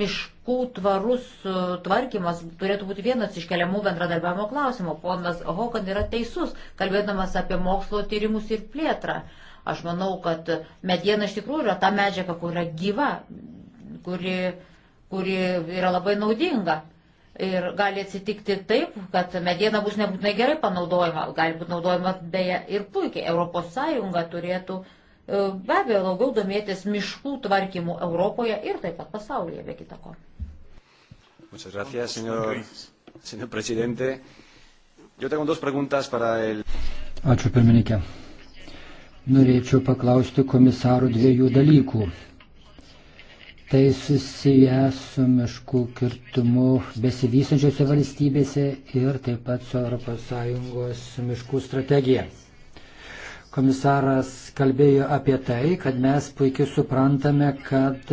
miškų tvarus e, tvarkymas turėtų būti vienas iš keliamų bendradarbiavimo klausimų. Ponas Hokan yra teisus, kalbėdamas apie mokslo tyrimus ir plėtrą. Uh, Aš manau, kad mediena iš tikrųjų yra ta medžiaga, kur yra gyva, kuri, kuri yra labai naudinga. Ir gali atsitikti taip, kad mediena bus nebūtinai gerai panaudojama, gali būti naudojama beje ir puikiai. ES turėtų e, be abejo daugiau domėtis miškų tvarkymų Europoje ir taip pat pasaulyje, be kitako. Muchas gracias, señor, señor presidente. Yo tengo dos preguntas para el. Ačiū pirmininkė norėčiau paklausti komisarų dviejų dalykų. Tai susiję su miškų kirtimu besivysančiose valstybėse ir taip pat su ES miškų strategija. Komisaras kalbėjo apie tai, kad mes puikiai suprantame, kad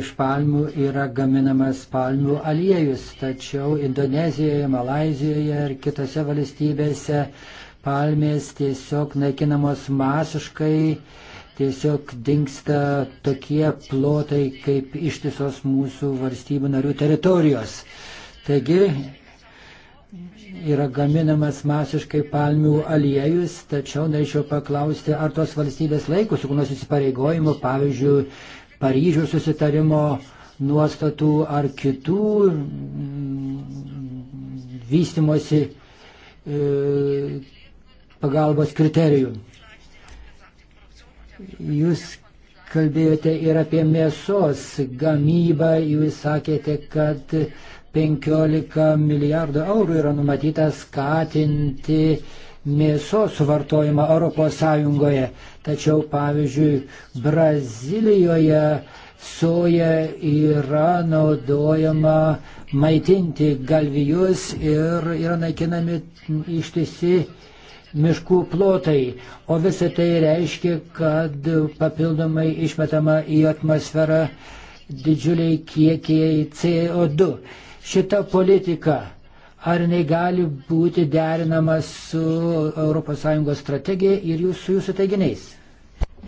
iš palmių yra gaminamas palmių aliejus, tačiau Indonezijoje, Malazijoje ir kitose valstybėse palmės tiesiog naikinamos masiškai, tiesiog dinksta tokie plotai kaip ištisos mūsų valstybių narių teritorijos. Taigi yra gaminamas masiškai palmių aliejus, tačiau norėčiau paklausti, ar tos valstybės laikosi kūnos įsipareigojimų, pavyzdžiui, Paryžių susitarimo nuostatų ar kitų mm, vystimosi e, pagalbos kriterijų. Jūs kalbėjote ir apie mėsos gamybą, jūs sakėte, kad 15 milijardų eurų yra numatyta skatinti mėsos suvartojimą ES. Tačiau, pavyzdžiui, Brazilijoje soja yra naudojama maitinti galvijus ir yra naikinami ištisi miškų plotai. O visą tai reiškia, kad papildomai išmetama į atmosferą didžiuliai kiekiai CO2. Šita politika, ar jinai gali būti derinama su ES strategija ir jūs, su jūsų teiginiais?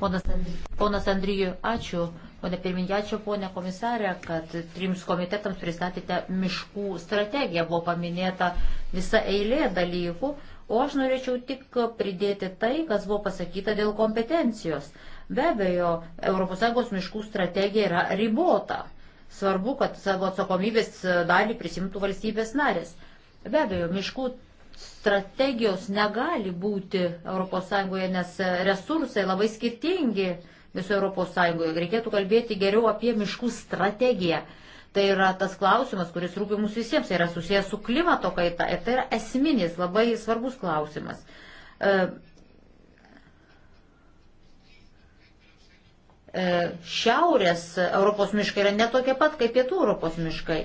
Ponas Andrijų, ačiū. Pone pirmininkė, ponė komisarė, kad trims komitetams pristatėte miškų strategiją, buvo paminėta visa eilė dalykų, o aš norėčiau tik pridėti tai, kas buvo pasakyta dėl kompetencijos. Be abejo, ES miškų strategija yra ribota. Svarbu, kad savo atsakomybės dalį prisimtų valstybės narės. Be abejo, miškų strategijos negali būti ES, nes resursai labai skirtingi viso Europos Sąjungoje. Reikėtų kalbėti geriau apie miškų strategiją. Tai yra tas klausimas, kuris rūpi mums visiems, tai yra susijęs su klimato kaita ir tai yra esminis, labai svarbus klausimas. E, e, šiaurės Europos miškai yra netokie pat kaip pietų Europos miškai.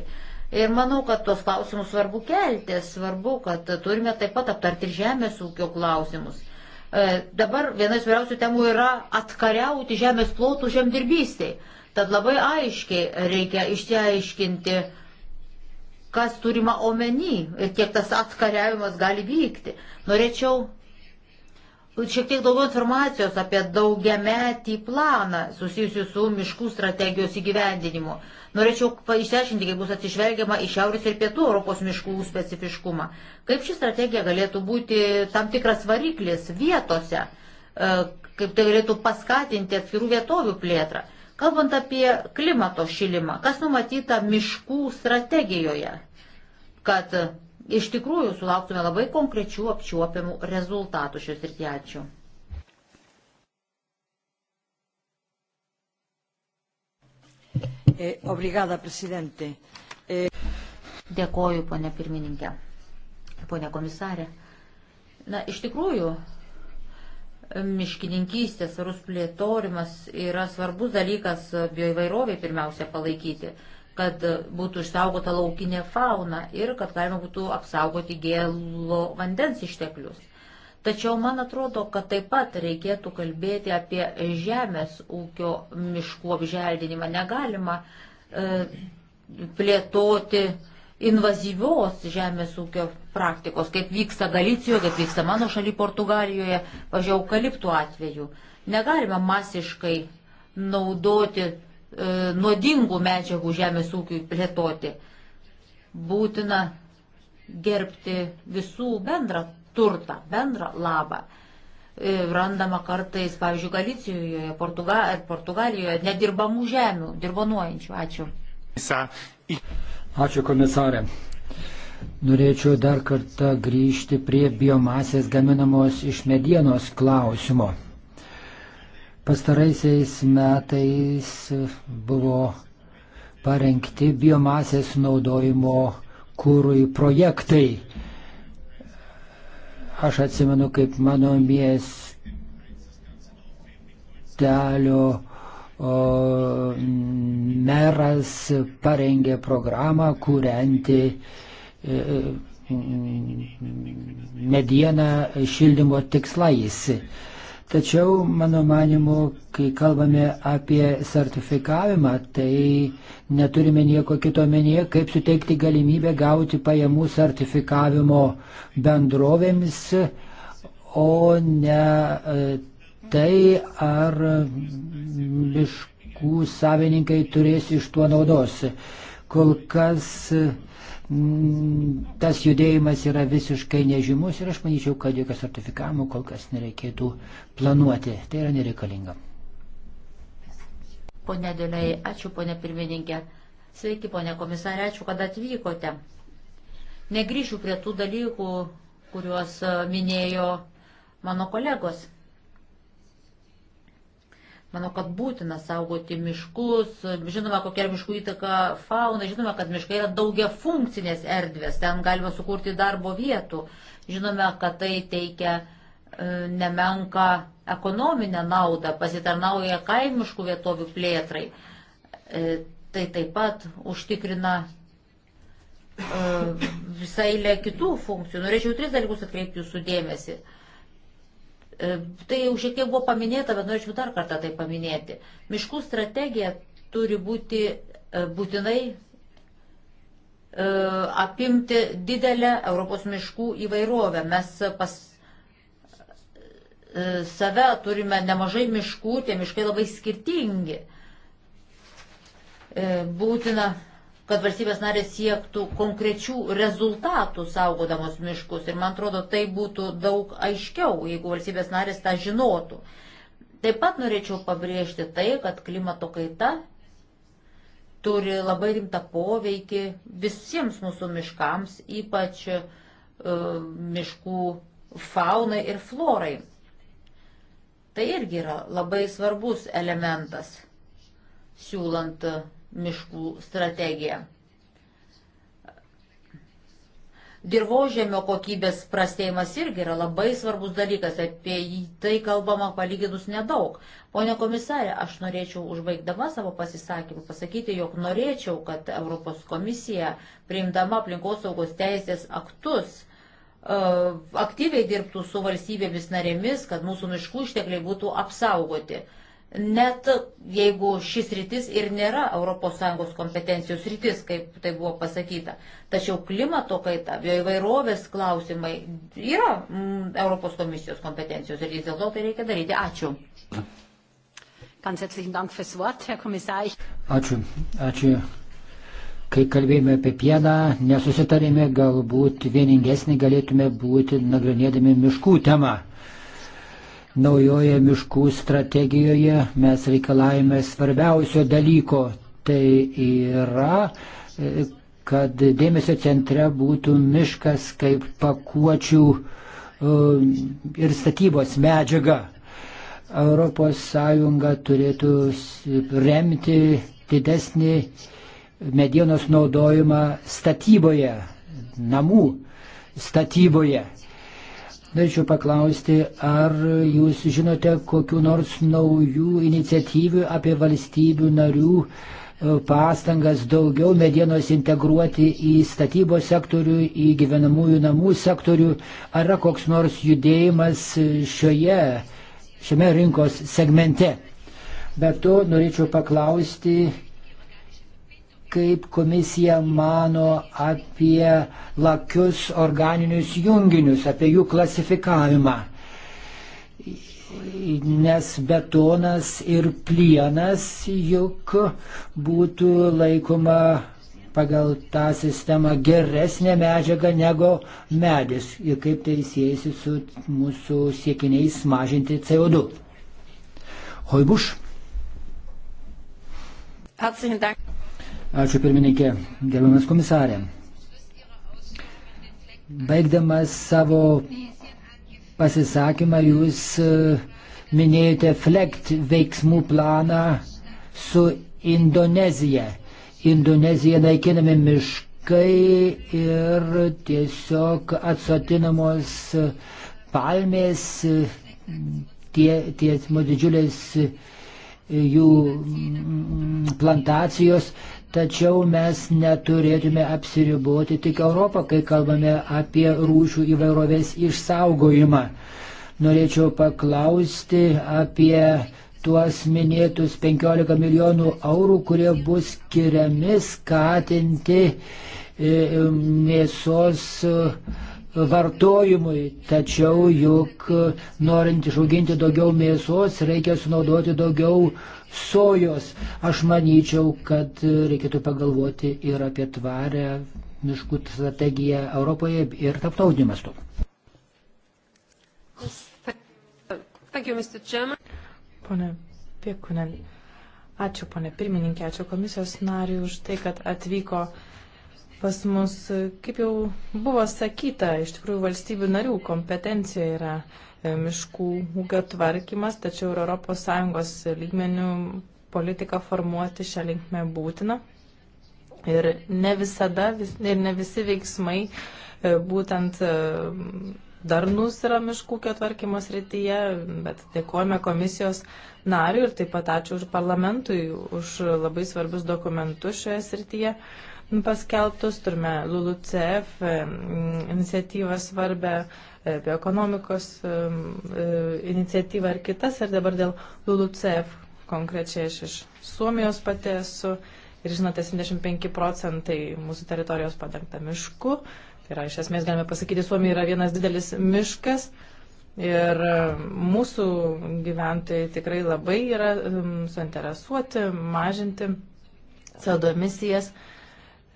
Ir manau, kad tos klausimus svarbu kelti, svarbu, kad turime taip pat aptarti ir žemės ūkio klausimus. E, dabar viena iš svarbiausių temų yra atkariauti žemės plotų žemdirbystėj. Tad labai aiškiai reikia išsiaiškinti, kas turima omeny ir kiek tas atkariavimas gali vykti. Norėčiau šiek tiek daugiau informacijos apie daugiametį planą susijusiu su miškų strategijos įgyvendinimu. Norėčiau išsiaiškinti, kaip bus atsižvelgiama į Šiaurės ir Pietų Europos miškų specifiškumą. Kaip ši strategija galėtų būti tam tikras variklis vietose, e, kaip tai galėtų paskatinti atskirų vietovių plėtrą. Kalbant apie klimato šilimą, kas numatyta miškų strategijoje, kad iš tikrųjų sulauktume labai konkrečių apčiuopiamų rezultatų šios ir tie ačiū. Eh, obrigada, prezidentė. Eh, Dėkoju, ponė pirmininkė, ponė komisarė. Na, iš tikrųjų, miškininkystės svarus plėtorimas yra svarbus dalykas bioįvairoviai pirmiausia palaikyti kad būtų išsaugota laukinė fauna ir kad galima būtų apsaugoti gėlo vandens išteklius. Tačiau man atrodo, kad taip pat reikėtų kalbėti apie žemės ūkio miškų apželdinimą. Negalima e, plėtoti invazyvios žemės ūkio praktikos, kaip vyksta Galicijoje, kaip vyksta mano šaly Portugalijoje, pažiūrėjau, kaliptų atveju. Negalima masiškai naudoti E, nuodingų medžiagų žemės ūkiui plėtoti. Būtina gerbti visų bendrą turtą, bendrą labą. E, randama kartais, pavyzdžiui, Galicijoje, Portuga, Portugalijoje nedirbamų žemių, dirbonuojančių. Ačiū. Ačiū komisarė. Norėčiau dar kartą grįžti prie biomasės gaminamos iš medienos klausimo. Pastaraisiais metais buvo parengti biomasės naudojimo kūrui projektai. Aš atsimenu, kaip mano miestelio o, meras parengė programą kūrenti e, medieną šildymo tikslais. E, Tačiau, mano manimu, kai kalbame apie sertifikavimą, tai neturime nieko kito menyje, kaip suteikti galimybę gauti pajamų sertifikavimo bendrovėmis, o ne e, tai, ar miškų savininkai turės iš tuo naudos. Kol kas Mm, tas judėjimas yra visiškai nežymus ir aš manyčiau, kad jokio sertifikavimo kol kas nereikėtų planuoti. Tai yra nereikalinga. Pone Dėliai, ačiū, pone pirmininkė. Sveiki, pone komisarė, ačiū, kad atvykote. Negryšiu prie tų dalykų, kuriuos e, minėjo mano kolegos. Manau, kad būtina saugoti miškus, žinoma, kokia yra miškų įtaka fauna, žinoma, kad miškai yra daugia funkcinės erdvės, ten galima sukurti darbo vietų, žinome, kad tai teikia e, nemenka ekonominę naudą, pasitarnauja kaimiškų vietovių plėtrai. E, tai taip pat užtikrina e, visai lė kitų funkcijų. Norėčiau tris dalykus atkreipti jūsų dėmesį. E, tai jau šiek tiek buvo paminėta, bet norėčiau dar kartą tai paminėti. Miškų strategija turi būti e, būtinai e, apimti didelę Europos miškų įvairovę. Mes pas save turime nemažai miškų, tie miškai labai skirtingi. Būtina kad valstybės narės siektų konkrečių rezultatų saugodamos miškus. Ir man atrodo, tai būtų daug aiškiau, jeigu valstybės narės tą žinotų. Taip pat norėčiau pabrėžti tai, kad klimato kaita turi labai rimtą poveikį visiems mūsų miškams, ypač e, miškų faunai ir florai. Tai irgi yra labai svarbus elementas, siūlant miškų strategiją. Dirbožėmio kokybės prastėjimas irgi yra labai svarbus dalykas, apie jį tai kalbama palyginus nedaug. Pone komisarė, aš norėčiau užbaigdama savo pasisakymą pasakyti, jog norėčiau, kad Europos komisija, priimdama aplinkosaugos teisės aktus, e, aktyviai dirbtų su valstybėmis narėmis, kad mūsų miškų ištekliai būtų apsaugoti net jeigu šis rytis ir nėra ES kompetencijos rytis, kaip tai buvo pasakyta. Tačiau klimato kaita, bioįvairovės klausimai yra mm, Europos komisijos kompetencijos rytis, dėl to tai reikia daryti. Ačiū. Ačiū. Ačiū. Kai kalbėjome apie pieną, nesusitarėme, galbūt vieningesnį galėtume būti nagrinėdami miškų temą. Naujoje miškų strategijoje mes reikalavime svarbiausio dalyko, tai yra, e, kad dėmesio centre būtų miškas kaip pakuočių e, ir statybos medžiaga. ES turėtų remti didesnį medienos naudojimą statyboje, namų statyboje. Norėčiau paklausti, ar jūs žinote kokiu nors naujų iniciatyvių apie valstybių narių e, pastangas daugiau medienos integruoti į statybos sektorių, į gyvenamųjų namų sektorių, ar yra koks nors judėjimas šioje, šiame rinkos segmente. Be to norėčiau paklausti, kaip komisija mano apie lakius organinius junginius, apie jų klasifikavimą. Nes betonas ir plienas juk būtų laikoma pagal tą sistemą geresnė medžiaga negu medis ir kaip tai siejasi su mūsų siekiniais mažinti CO2. Hoibuš. Herzlichen Dank. Ačiū pirmininkė, gerbiamas komisarė. Baigdamas savo pasisakymą, jūs e, minėjote FLECT veiksmų planą su Indonezija. Indonezija naikinami miškai ir tiesiog atsotinamos palmės, tie, tie didžiulės jų plantacijos. Tačiau mes neturėtume apsiriboti tik Europą, kai kalbame apie rūšių įvairovės išsaugojimą. Norėčiau paklausti apie tuos minėtus 15 milijonų eurų, kurie bus skiriami skatinti e, mėsos e, vartojimui. Tačiau juk norint išauginti daugiau mėsos, reikia sunaudoti daugiau uh, sojos. Aš manyčiau, kad reikėtų pagalvoti ir apie tvarę miškų strategiją Europoje ir taptautiniu mastu. Uh, pone Piekunen, ačiū pone pirmininkė, ačiū komisijos nariui už tai, kad atvyko pas mus, kaip jau buvo sakyta, iš tikrųjų valstybių narių kompetencija yra e, miškų ūkio tvarkymas, tačiau ir ES lygmenių politiką formuoti šią linkmę būtina. Ir ne visada, vis, ir ne visi veiksmai e, būtent e, darnus yra miškų ūkio tvarkymo srityje, bet dėkojame komisijos nariui ir taip pat ačiū už parlamentui už labai svarbius dokumentus šioje srityje. Uh, Nu, paskelbtus, turime LULUCF e, iniciatyvą svarbę e, apie ekonomikos e, iniciatyvą ir kitas. Ir dabar dėl LULUCF konkrečiai aš iš Suomijos pati esu. Ir žinote, 75 procentai mūsų teritorijos padengta mišku. Tai yra, iš esmės galime pasakyti, Suomija yra vienas didelis miškas. Ir mūsų gyventojai tikrai labai yra um, suinteresuoti mažinti CO2 emisijas. Uh,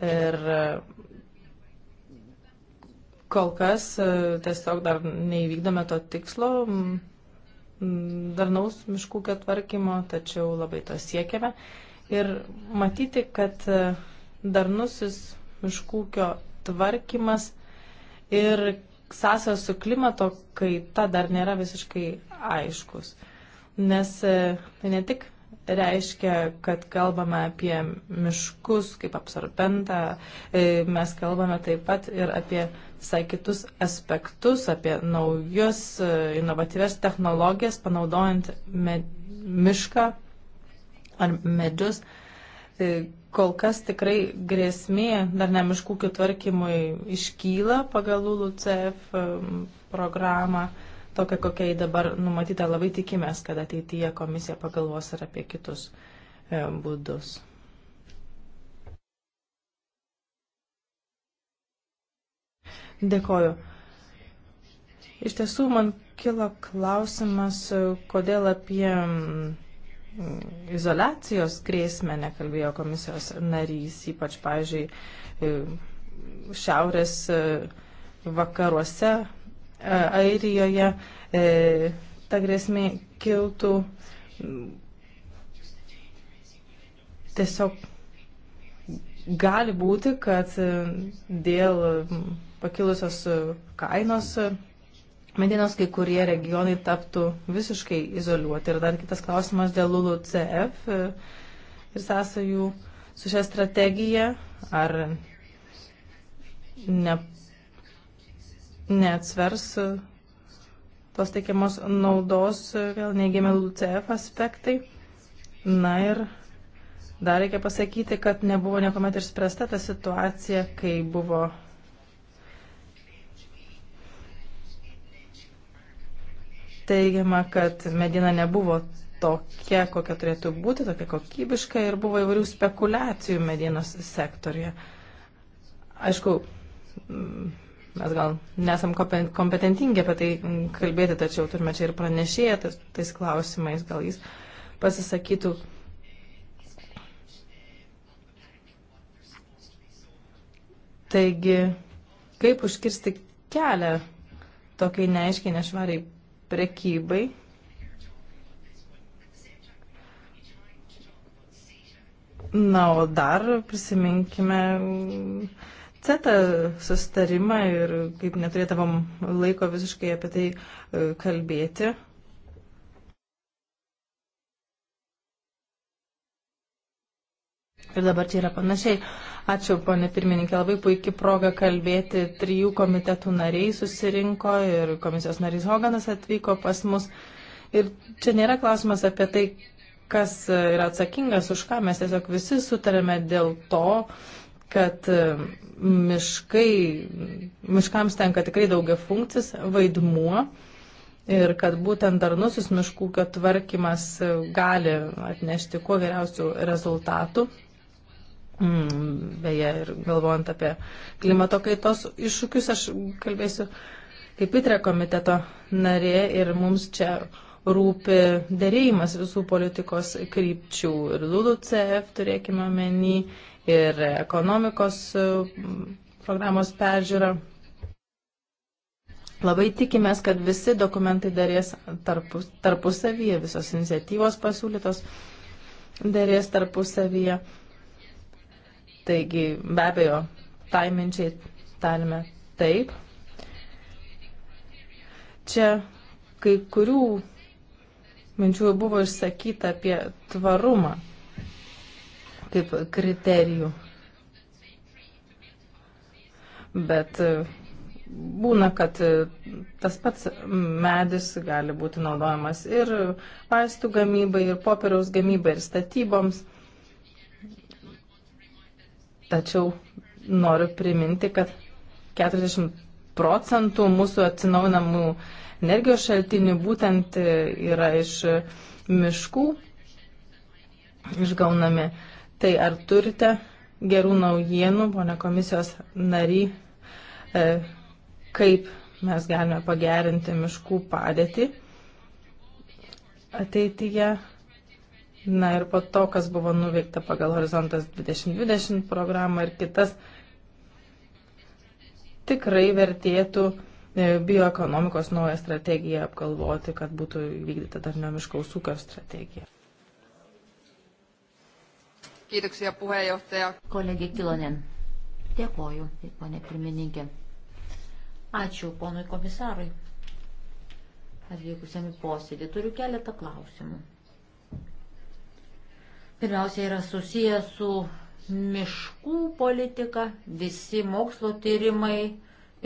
Ir e, kol kas e, tiesiog dar neįvykdome to tikslo darnaus miškų ketvarkymo, tačiau labai to siekiame. Ir matyti, kad e, darnusis miškūkio tvarkymas ir sąsajos su klimato kaita dar nėra visiškai aiškus. Nes tai ne tik reiškia, kad kalbame apie miškus kaip absorbentą, e, mes kalbame taip pat ir apie visai kitus aspektus, apie naujus e, inovatyves technologijas, panaudojant med, mišką ar medžius. E, kol kas tikrai grėsmė dar ne miškų kitvarkymui iškyla pagal LULUCF programą tokia, kokia jį dabar numatyta. Labai tikimės, kad ateityje komisija pagalvos ir apie kitus e, būdus. Dėkoju. Iš tiesų, man kilo klausimas, e, kodėl apie mm, izolacijos grėsmę nekalbėjo komisijos narys, ypač, pavyzdžiui, e, šiaurės e, vakaruose Airijoje e, ta grėsmė kiltų mm, tiesiog gali būti, kad e, dėl mm, pakilusios kainos medienos kai kurie regionai taptų visiškai izoliuoti. Ir dar kitas klausimas dėl LULUCF e, ir sąsajų su šią strategiją. Ar ne neatsvers tos teikiamos naudos vėl neigiami LUCF aspektai. Na ir dar reikia pasakyti, kad nebuvo niekuomet ir spręsta ta situacija, kai buvo teigiama, kad medina nebuvo tokia, kokia turėtų būti, tokia kokybiška ir buvo įvairių spekulacijų medienos sektoriuje. Aišku, Mes gal nesam kompetentingi apie tai mm, kalbėti, tačiau turime čia ir pranešėję tais, tais klausimais, gal jis pasisakytų. Taigi, kaip užkirsti kelią tokiai neaiškiai nešvariai prekybai? Na, o dar prisiminkime CETA sustarimą ir kaip neturėtavom laiko visiškai apie tai e, kalbėti. Ir dabar čia yra panašiai. Ačiū, ponė pirmininkė, labai puikia proga kalbėti. Trijų komitetų nariai susirinko ir komisijos narys Hoganas atvyko pas mus. Ir čia nėra klausimas apie tai, kas yra atsakingas už ką. Mes tiesiog visi sutarėme dėl to, uh, kad e, miškai, miškams tenka tikrai daugia funkcis vaidmuo ir kad būtent darnusis miškų ūkio tvarkymas e, gali atnešti kuo geriausių rezultatų. Mm, beje, ir galvojant apie klimato kaitos iššūkius, aš kalbėsiu kaip įtrė komiteto narė ir mums čia rūpi dėrėjimas visų politikos krypčių ir LULUCF turėkime menį ir ekonomikos e, programos peržiūra. Labai tikimės, kad visi dokumentai darės tarpus, tarpusavyje, visos iniciatyvos pasiūlytos darės tarpusavyje. Taigi, be abejo, taiminčiai tarime taip. Čia kai kurių minčių buvo išsakyta apie tvarumą kaip kriterijų. Bet e, būna, kad e, tas pats medis gali būti naudojamas ir vaistų gamybai, ir popieriaus gamybai, ir statyboms. Tačiau noriu priminti, kad 40 procentų mūsų atsinaujinamų energijos šaltinių būtent e, yra iš miškų išgaunami. Uh, Tai ar turite gerų naujienų, pone komisijos nary, e, kaip mes galime pagerinti miškų padėtį ateityje? Na ir po to, kas buvo nuveikta pagal Horizontas 2020 programą ir kitas, tikrai vertėtų e, bioekonomikos naują strategiją apgalvoti, kad būtų vykdyta darnio miškaus ūkio strategija. Kiitoksia puheenjohtaja. Kolegė Kilonen. Dėkoju, ponė pirmininkė. Ačiū ponui komisarui atvykusiam į posėdį. Turiu keletą klausimų. Pirmiausia, yra susijęs su miškų politika, visi mokslo tyrimai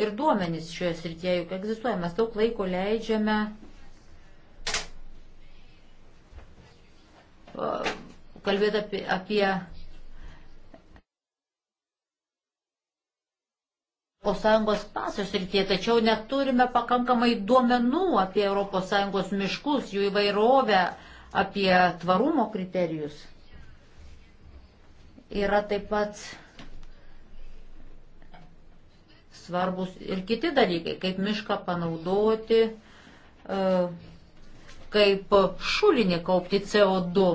ir duomenys šioje srityje juk egzistuoja. Mes daug laiko leidžiame kalbėti apie, apie ES pasos rytie, tačiau neturime pakankamai duomenų apie ES miškus, jų įvairovę, apie tvarumo kriterijus. Yra taip pat svarbus ir kiti dalykai, kaip mišką panaudoti, e, kaip šulinį kaupti CO2.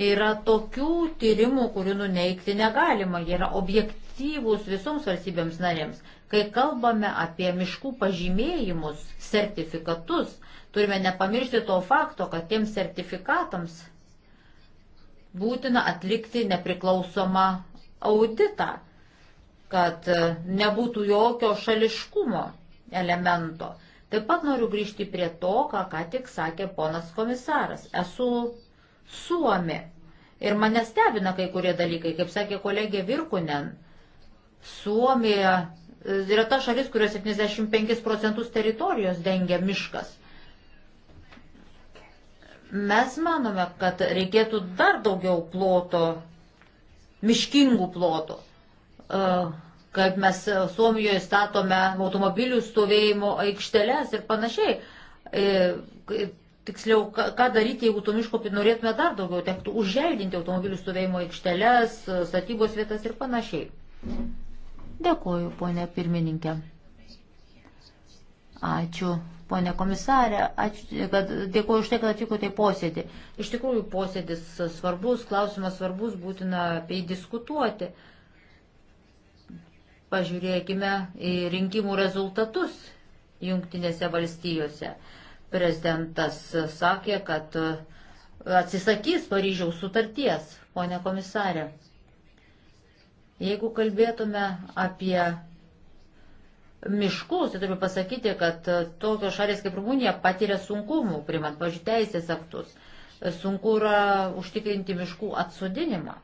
Yra tokių tyrimų, kurių nuneikti negalima, jie yra objektyvūs visoms valstybėms narėms. Kai kalbame apie miškų pažymėjimus, sertifikatus, turime nepamiršti to fakto, kad tiems sertifikatams būtina atlikti nepriklausomą auditą, kad e, nebūtų jokio šališkumo elemento. Taip pat noriu grįžti prie to, ką ką tik sakė ponas komisaras. Esu suomi. Ir mane stebina kai kurie dalykai, kaip sakė kolegė Virkunen. Suomija e, yra ta šalis, kurio 75 procentus teritorijos dengia miškas. Mes manome, kad reikėtų dar daugiau ploto, miškingų plotų. E, kaip mes Suomijoje statome automobilių stovėjimo aikšteles ir panašiai e, tiksliau, ką daryti, jeigu to miško norėtume dar daugiau, tektų užželdinti automobilių stovėjimo aikšteles, statybos vietas ir panašiai. Dėkuoju, ponė pirmininkė. Ačiū, ponė komisarė, ačiū, kad dėkuoju už tai, kad atvykote į posėdį. Iš tikrųjų, posėdis svarbus, klausimas svarbus, būtina apie jį diskutuoti. Pažiūrėkime į rinkimų rezultatus jungtinėse valstijose. Prezidentas sakė, kad e, atsisakys Paryžiaus sutarties, ponė komisarė. Jeigu kalbėtume apie miškus, tai turime pasakyti, kad e, tokios šalės kaip Rumunija patiria sunkumų, primant, pažiūrėjau, teisės aktus. Sunku yra užtikrinti miškų atsodinimą.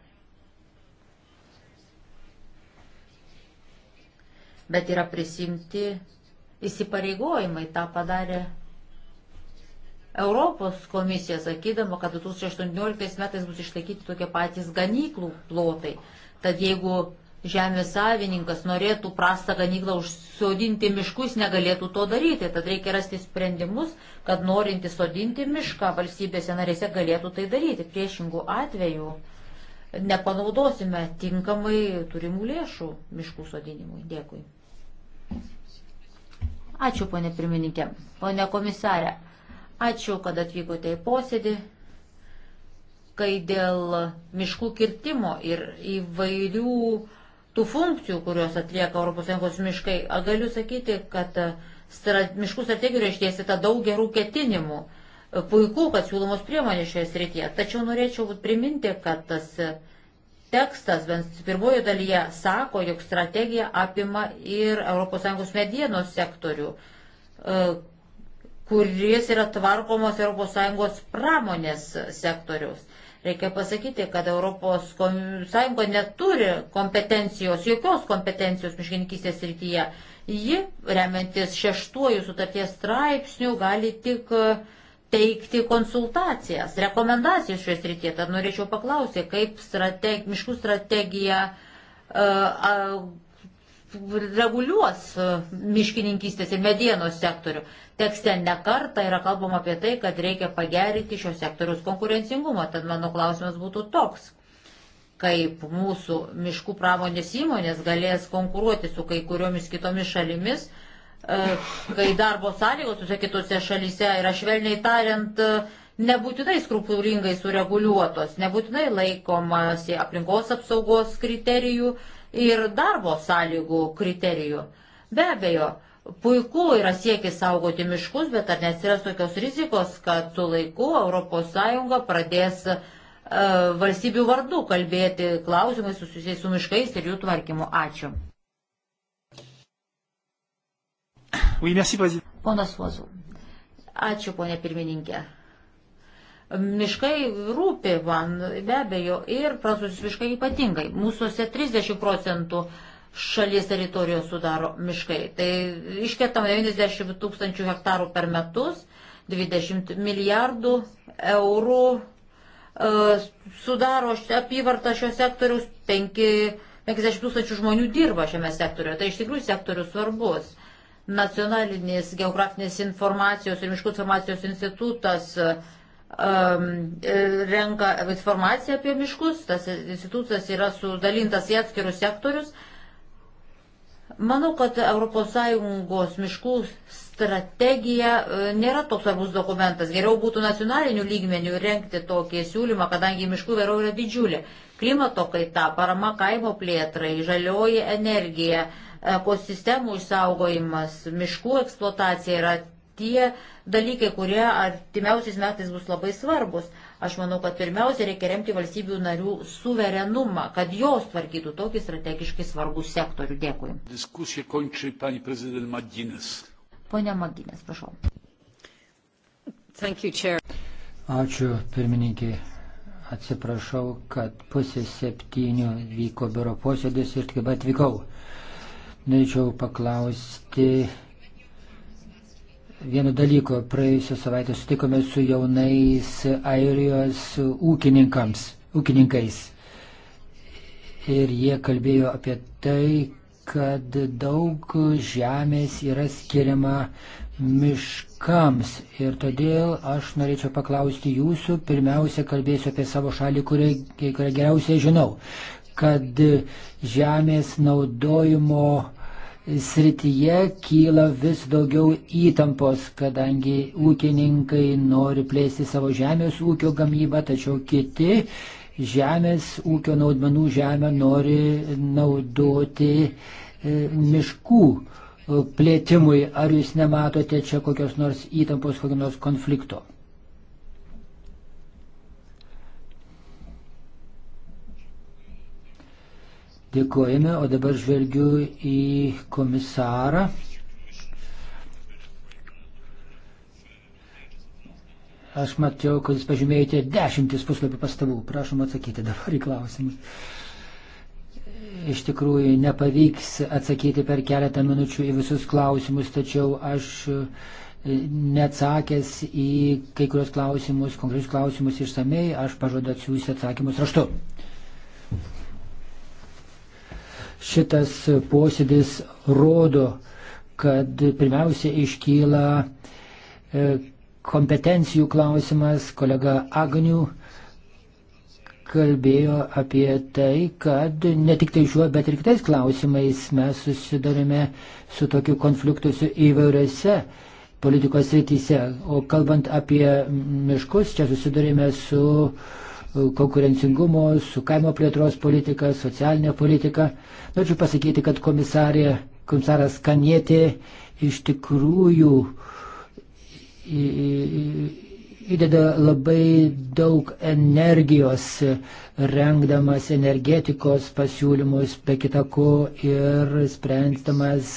Bet yra prisimti įsipareigojimai, tą padarė Europos komisija, sakydama, kad 2018 metais bus išlaikyti tokie patys ganyklų plotai. Tad jeigu žemės savininkas norėtų prastą ganyklą užsodinti miškus, negalėtų to daryti. Tad reikia rasti sprendimus, kad norinti sodinti mišką valstybėse narėse galėtų tai daryti. Priešingų atvejų nepanaudosime tinkamai turimų lėšų miškų sodinimui. Dėkui. Ačiū, ponė pirmininkė. Pone komisarė. Ačiū, kad atvykote į posėdį. Kai dėl miškų kirtimo ir įvairių tų funkcijų, kurios atlieka ES miškai, galiu sakyti, kad strat, miškų strategijoje išdėstyta daug gerų ketinimų. Puiku, kad siūlomos priemonės šioje srityje. Tačiau norėčiau priminti, kad tas tekstas bent pirmojo dalyje sako, jog strategija apima ir ES medienos sektorių kuris yra tvarkomos ES pramonės sektoriaus. Reikia pasakyti, kad ES neturi kompetencijos, jokios kompetencijos miškininkystės rytyje. Ji, remiantis šeštuoju sutarties straipsniu, gali tik e, teikti konsultacijas, rekomendacijas šioje srityje. Tad norėčiau paklausyti, kaip strateg, miškų strategija uh, uh, reguliuos e, miškininkystės ir medienos sektorių. Tekste nekarta yra kalbama apie tai, kad reikia pagerinti šios sektorius konkurencingumą. Tad mano klausimas būtų toks, kaip mūsų miškų pramonės įmonės galės konkuruoti su kai kuriomis kitomis šalimis, e, kai darbo sąlygos visose kitose šalyse yra švelniai tariant e, nebūtinai skrupulingai sureguliuotos, nebūtinai laikomasi aplinkos apsaugos kriterijų ir darbo sąlygų kriterijų. Be abejo, puiku yra siekis saugoti miškus, bet ar nesiras tokios rizikos, kad su laiku ES pradės e, valstybių vardų kalbėti klausimais susijusiais su miškais ir jų tvarkymu. Ačiū. Oui, merci, Ponas Uozu. Ačiū, ponė pirmininkė. Miškai rūpi man be abejo ir prancūzijos miškai ypatingai. Mūsųse 30 procentų šalies teritorijos sudaro miškai. Tai iškertama 90 tūkstančių hektarų per metus, 20 milijardų eurų uh, sudaro apyvartą šio sektoriaus, 5, 50 tūkstančių žmonių dirba šiame sektoriuje. Tai iš tikrųjų sektorius svarbus nacionalinis geografinės informacijos ir miškų informacijos institutas E, renka informaciją apie miškus, tas institutas yra sudalintas į atskirus sektorius. Manau, kad ES miškų strategija e, nėra toks svarbus dokumentas. Geriau būtų nacionalinių lygmenių renkti tokį siūlymą, kadangi miškų vėliau yra didžiulė. Klimato kaita, parama kaimo plėtrai, žalioji energija, ekosistemų išsaugojimas, miškų eksploatacija yra tie dalykai, kurie artimiausiais metais bus labai svarbus. Aš manau, kad pirmiausia reikia remti valstybių narių suverenumą, kad jos tvarkytų tokį strategiškai svarbų sektorių. Dėkui. Diskusiją končia pani prezident Madinės. Pone Madinės, prašau. Thank you, chair. Ačiū, pirmininkė. Atsiprašau, kad pusė septynių vyko biuro posėdis ir tik atvykau. Norėčiau paklausti vieno dalyko. Praėjusią savaitę sutikome su jaunais Airijos ūkininkams, ūkininkais. Ir jie kalbėjo apie tai, kad daug žemės yra skiriama miškams. Ir todėl aš norėčiau paklausti jūsų, pirmiausia kalbėsiu apie savo šalį, kurią, kurią geriausiai žinau, kad žemės naudojimo srityje kyla vis daugiau įtampos, kadangi ūkininkai nori plėsti savo žemės ūkio gamybą, tačiau kiti žemės ūkio naudmenų žemę nori naudoti e, miškų e, plėtimui. Ar jūs nematote čia kokios nors įtampos, kokio nors konflikto? Dėkojame, o dabar žvelgiu į komisarą. Aš mačiau, kad jūs pažymėjote dešimtis puslapį pastabų. Prašom atsakyti dabar į klausimus. Iš tikrųjų, nepavyks atsakyti per keletą minučių į visus klausimus, tačiau aš e, neatsakęs į kai kurios klausimus, konkrečius klausimus išsamei, aš pažadu atsiųsti atsakymus raštu. Šitas posėdis rodo, kad pirmiausia iškyla e, kompetencijų klausimas. Kolega Agnių kalbėjo apie tai, kad ne tik tai šiuo, bet ir kitais klausimais mes susidarėme su tokiu konfliktu su įvairiose politikos rytise. O kalbant apie miškus, čia susidarėme su uh, konkurencingumo, su kaimo plėtros politika, socialinė politika. Norėčiau pasakyti, kad komisarė, komisaras Kanietė iš tikrųjų įdeda labai daug energijos rengdamas energetikos pasiūlymus, be kitako ir sprenddamas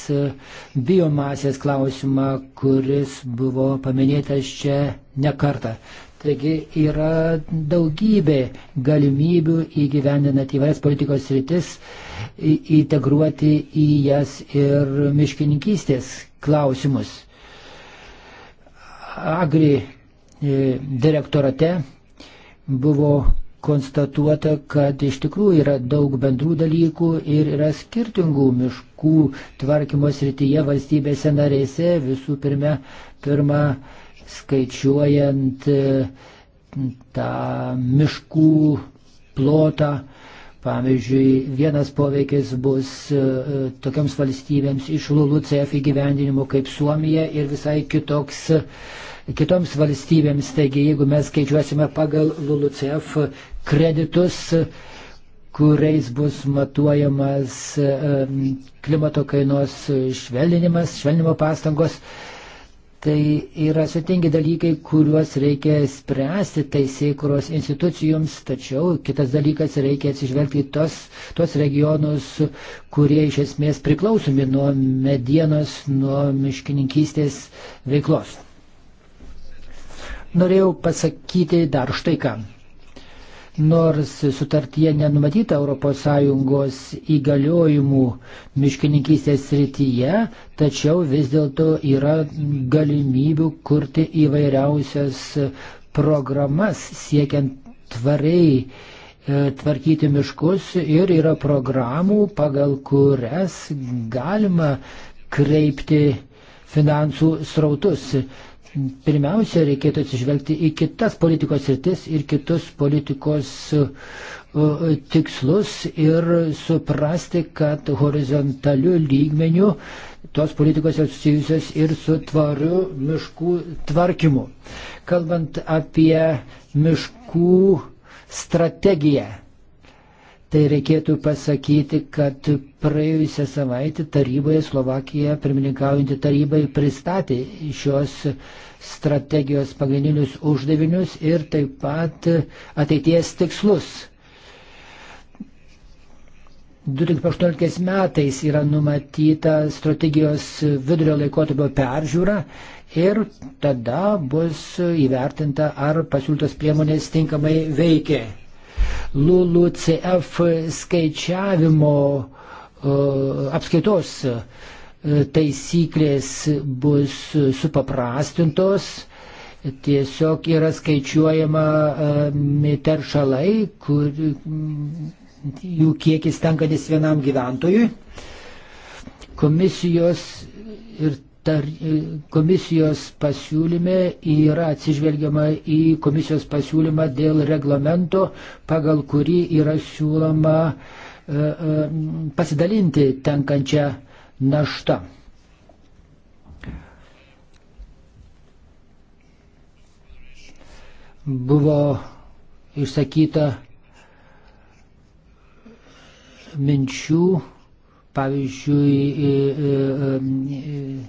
biomasės klausimą, kuris buvo paminėtas čia ne kartą. Taigi yra daugybė galimybių įgyvendinant įvairias politikos rytis, integruoti į jas ir miškininkystės klausimus. Agri e, direktorate buvo konstatuota, kad iš tikrųjų yra daug bendrų dalykų ir yra skirtingų miškų tvarkymo srityje valstybėse narėse. Visų pirma, pirma skaičiuojant e, tą miškų plotą. Pavyzdžiui, vienas poveikis bus e, tokiams valstybėms iš LULUCF įgyvendinimo kaip Suomija ir visai kitoks kitoms valstybėms. Taigi, jeigu mes skaičiuosime pagal LULUCF kreditus, kuriais bus matuojamas e, klimato kainos švelninimas, švelnimo pastangos, Tai yra sutingi dalykai, kuriuos reikia spręsti teisėkuros institucijoms, tačiau kitas dalykas reikia atsižvelgti tos, tos regionus, kurie iš esmės priklausomi nuo medienos, nuo miškininkystės veiklos. Norėjau pasakyti dar štai ką. Nors sutartyje nenumatyta ES įgaliojimų miškininkystės srityje, tačiau vis dėlto yra galimybių kurti įvairiausias programas siekiant tvariai e, tvarkyti miškus ir yra programų, pagal kurias galima kreipti finansų srautus pirmiausia reikėtų atsižvelgti į kitas politikos rytis ir kitus politikos e, e, tikslus ir suprasti, kad horizontaliu lygmeniu tos politikos yra susijusios ir su tvariu miškų tvarkymu. Kalbant apie miškų strategiją, tai reikėtų pasakyti, kad praėjusią savaitę taryboje Slovakija, pirmininkaujantį tarybai, pristatė šios strategijos pagrindinius uždavinius ir taip pat ateities tikslus. 2018 metais yra numatyta strategijos vidurio laikotarpio peržiūra ir tada bus įvertinta, ar pasiūlytos priemonės tinkamai veikia. LULUCF skaičiavimo e, apskaitos e, taisyklės bus supaprastintos, tiesiog yra skaičiuojama e, teršalai, kur jų kiekis tenkantis vienam gyventojui. Komisijos ir tar, komisijos pasiūlyme yra atsižvelgiama į komisijos pasiūlymą dėl reglamento, pagal kurį yra siūloma e, e, pasidalinti tenkančią naštą. Buvo išsakyta minčių, pavyzdžiui, e,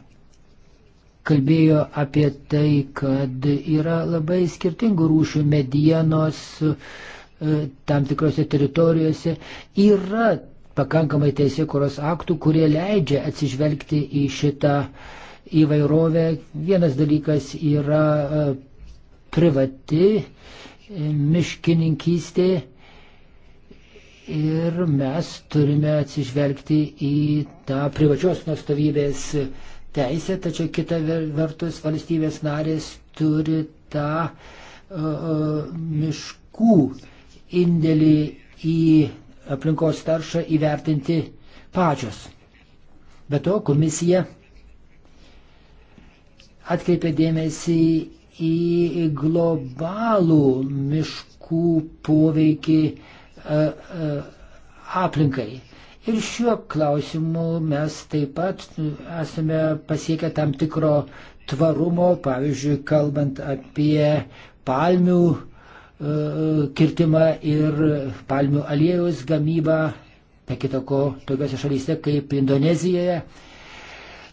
kalbėjo apie tai, kad yra labai skirtingų rūšių medienos e, tam tikrose teritorijose. Yra pakankamai teisėkuros aktų, kurie leidžia atsižvelgti į šitą įvairovę. Vienas dalykas yra e, privati e, miškininkystė ir mes turime atsižvelgti į tą privačios nuostovybės uh, teisę, tačiau kita vertus valstybės narės turi tą uh, miškų indėlį į aplinkos taršą įvertinti pačios. Be to, komisija atkreipė dėmesį į globalų miškų poveikį e, aplinkai. Ir šiuo klausimu mes taip pat esame pasiekę tam tikro tvarumo, pavyzdžiui, kalbant apie palmių e, kirtimą ir palmių aliejus gamybą, be kitako, tokiuose šalyse kaip Indonezijoje.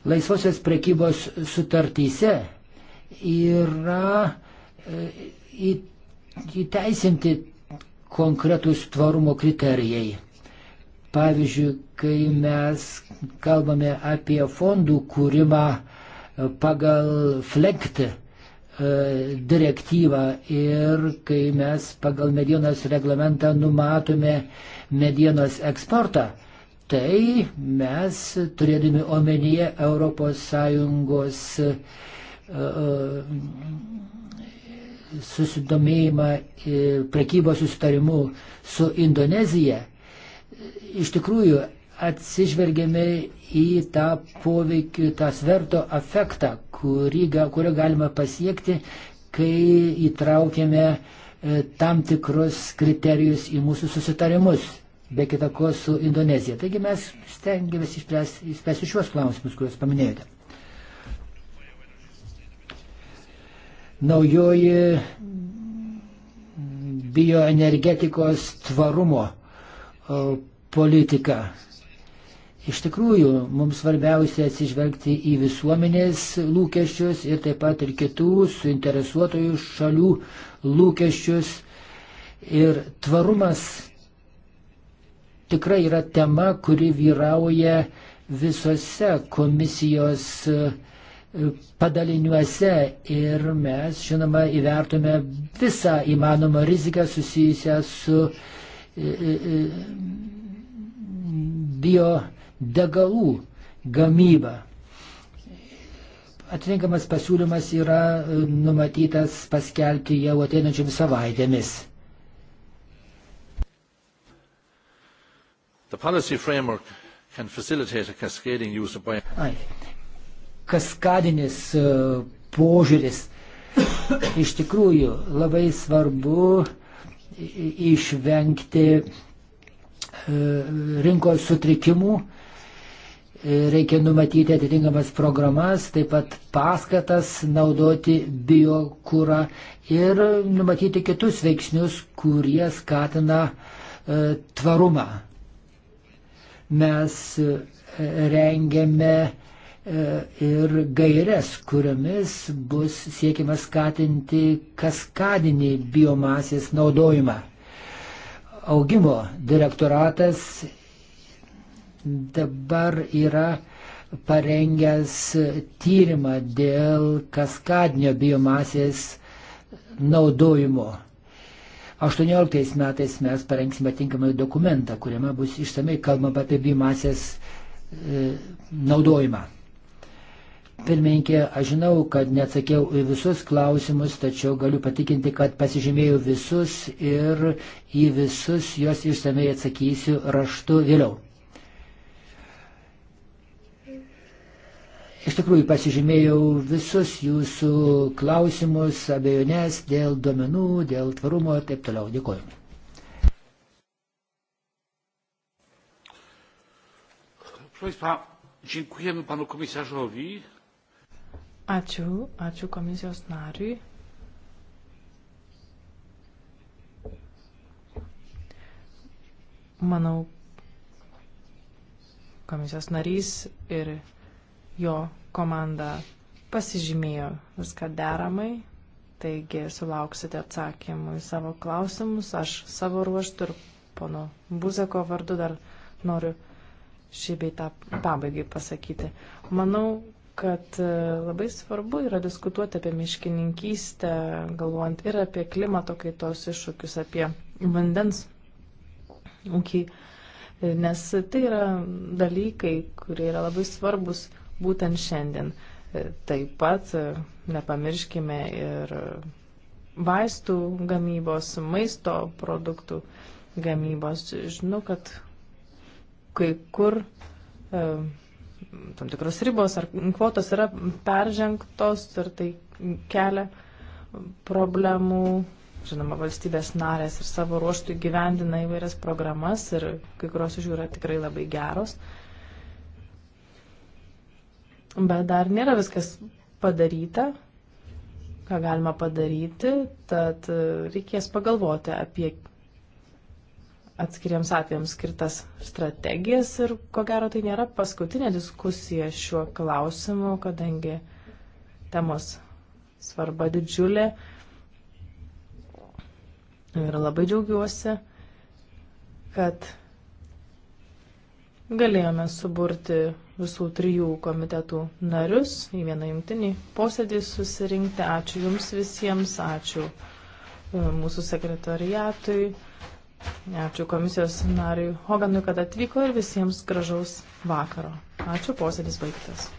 Laisvosios prekybos sutartyse yra e, įteisinti konkretus tvarumo kriterijai. Pavyzdžiui, kai mes kalbame apie fondų kūrimą e, pagal flekti e, direktyvą ir kai mes pagal medienos reglamentą numatome medienos eksportą, tai mes turėdami omenyje ES e, susidomėjimą prekybos susitarimu su Indonezija, iš tikrųjų atsižvelgėme į tą poveikį, tą sverto efektą, kurį, kurio galima pasiekti, kai įtraukėme e, tam tikrus kriterijus į mūsų susitarimus, be kitako su Indonezija. Taigi mes stengiamės išspręsti šiuos klausimus, kuriuos paminėjote. Naujoji bioenergetikos tvarumo politiką. Iš tikrųjų, mums svarbiausia atsižvelgti į visuomenės lūkesčius ir taip pat ir kitų suinteresuotojų šalių lūkesčius. Ir tvarumas tikrai yra tema, kuri vyrauja visose komisijos e, padaliniuose ir mes, žinoma, įvertume visą įmanomą riziką susijusią su e, e, biodegalų gamybą. Atrinkamas pasiūlymas yra e, numatytas paskelbti jau ateinančiomis savaitėmis. The policy framework can facilitate a cascading use of bio... Ai. Kaskadinis uh, požiūris iš tikrųjų labai svarbu išvengti E, rinkos sutrikimų. E, reikia numatyti atitinkamas programas, taip pat paskatas naudoti biokūrą ir numatyti kitus veiksnius, kurie skatina e, tvarumą. Mes rengiame ir gairias, kuriomis bus siekiama skatinti kaskadinį biomasės naudojimą augimo direktoratas dabar yra parengęs tyrimą dėl kaskadinio biomasės naudojimo. 18 metais mes parengsime tinkamą dokumentą, kuriame bus išsamei kalbama apie biomasės e, naudojimą. Pirmininkė, aš žinau, kad neatsakiau į visus klausimus, tačiau galiu patikinti, kad pasižymėjau visus ir į visus juos išsamei atsakysiu raštu vėliau. Iš tikrųjų, pasižymėjau visus jūsų klausimus, abejonės dėl duomenų, dėl tvarumo ir taip toliau. Dėkuoju. Proszę Państwa, dziękujemy panu komisarzowi. Ačiū, ačiū komisijos nariui. Manau, komisijos narys ir jo komanda pasižymėjo viską deramai, taigi sulauksite atsakymų į savo klausimus. Aš savo ruoštų ir pono Buzeko vardu dar noriu šį bei tą pabaigai pasakyti. Manau, kad e, labai svarbu yra diskutuoti apie miškininkystę, galvojant ir apie klimato kaitos iššūkius, apie vandens ūkį, e, nes tai yra dalykai, kurie yra labai svarbus būtent šiandien. E, taip pat nepamirškime ir vaistų gamybos, maisto produktų gamybos. Žinau, kad kai kur e, tam tikros ribos ar kvotos yra peržengtos ir tai kelia problemų. Žinoma, valstybės narės ir savo ruoštų įgyvendina įvairias programas ir kai kurios iš jų yra tikrai labai geros. Bet dar nėra viskas padaryta, ką galima padaryti, tad reikės pagalvoti apie atskiriems atvejams skirtas strategijas ir ko gero tai nėra paskutinė diskusija šiuo klausimu, kadangi temos svarba didžiulė. Ir labai džiaugiuosi, kad galėjome suburti visų trijų komitetų narius į vieną jungtinį posėdį susirinkti. Ačiū Jums visiems, ačiū e, mūsų sekretariatui Ačiū komisijos nariui Hoganui, kad atvyko ir visiems gražaus vakaro. Ačiū, posėdis baigtas.